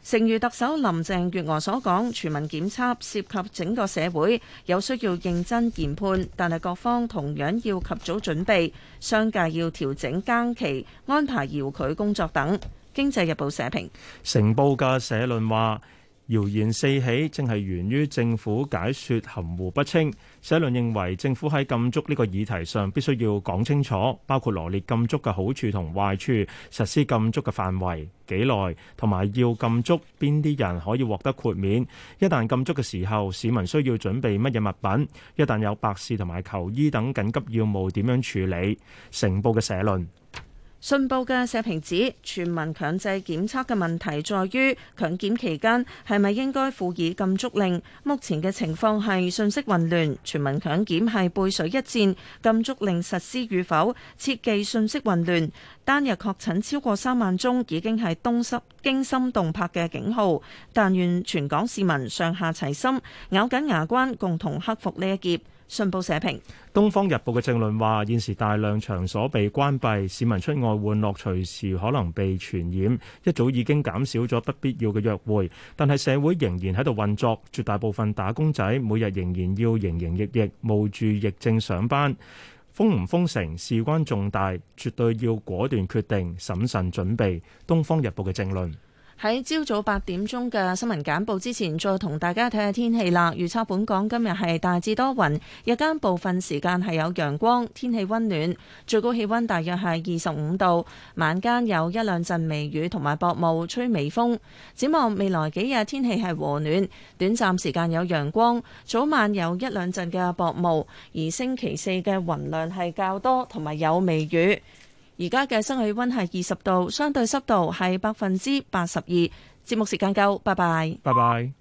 正如特首林鄭月娥所講，全民檢測涉及整個社會，有需要認真研判，但係各方同樣要及早準備，商界要調整更期、安排遙距工作等。經濟日報社評。成報嘅社論話。謠言四起，正係源於政府解説含糊不清。社論認為政府喺禁足呢個議題上必須要講清楚，包括羅列禁足嘅好處同壞處、實施禁足嘅範圍幾耐，同埋要禁足邊啲人可以獲得豁免。一旦禁足嘅時候，市民需要準備乜嘢物品？一旦有白事同埋求醫等緊急要務，點樣處理？成報嘅社論。信報嘅社評指全民強制檢測嘅問題在於強檢期間係咪應該附以禁足令？目前嘅情況係信息混亂，全民強檢係背水一戰，禁足令實施與否切忌信息混亂。單日確診超過三萬宗已經係東心驚心動魄嘅警號，但願全港市民上下齊心，咬緊牙關，共同克服呢一劫。信報社評。《東方日報》嘅政論話：現時大量場所被關閉，市民出外玩樂隨時可能被傳染。一早已經減少咗不必要嘅約會，但係社會仍然喺度運作，絕大部分打工仔每日仍然要營營役役，冒住疫症上班。封唔封城事關重大，絕對要果斷決定、審慎準備。《東方日報》嘅政論。喺朝早八點鐘嘅新聞簡報之前，再同大家睇下天氣啦。預測本港今日係大致多雲，日間部分時間係有陽光，天氣温暖，最高氣温大約係二十五度。晚間有一兩陣微雨同埋薄霧，吹微風。展望未來幾日天氣係和暖，短暫時間有陽光，早晚有一兩陣嘅薄霧，而星期四嘅雲量係較多同埋有微雨。而家嘅室氣温係二十度，相對濕度係百分之八十二。節目時間夠，拜拜。拜拜。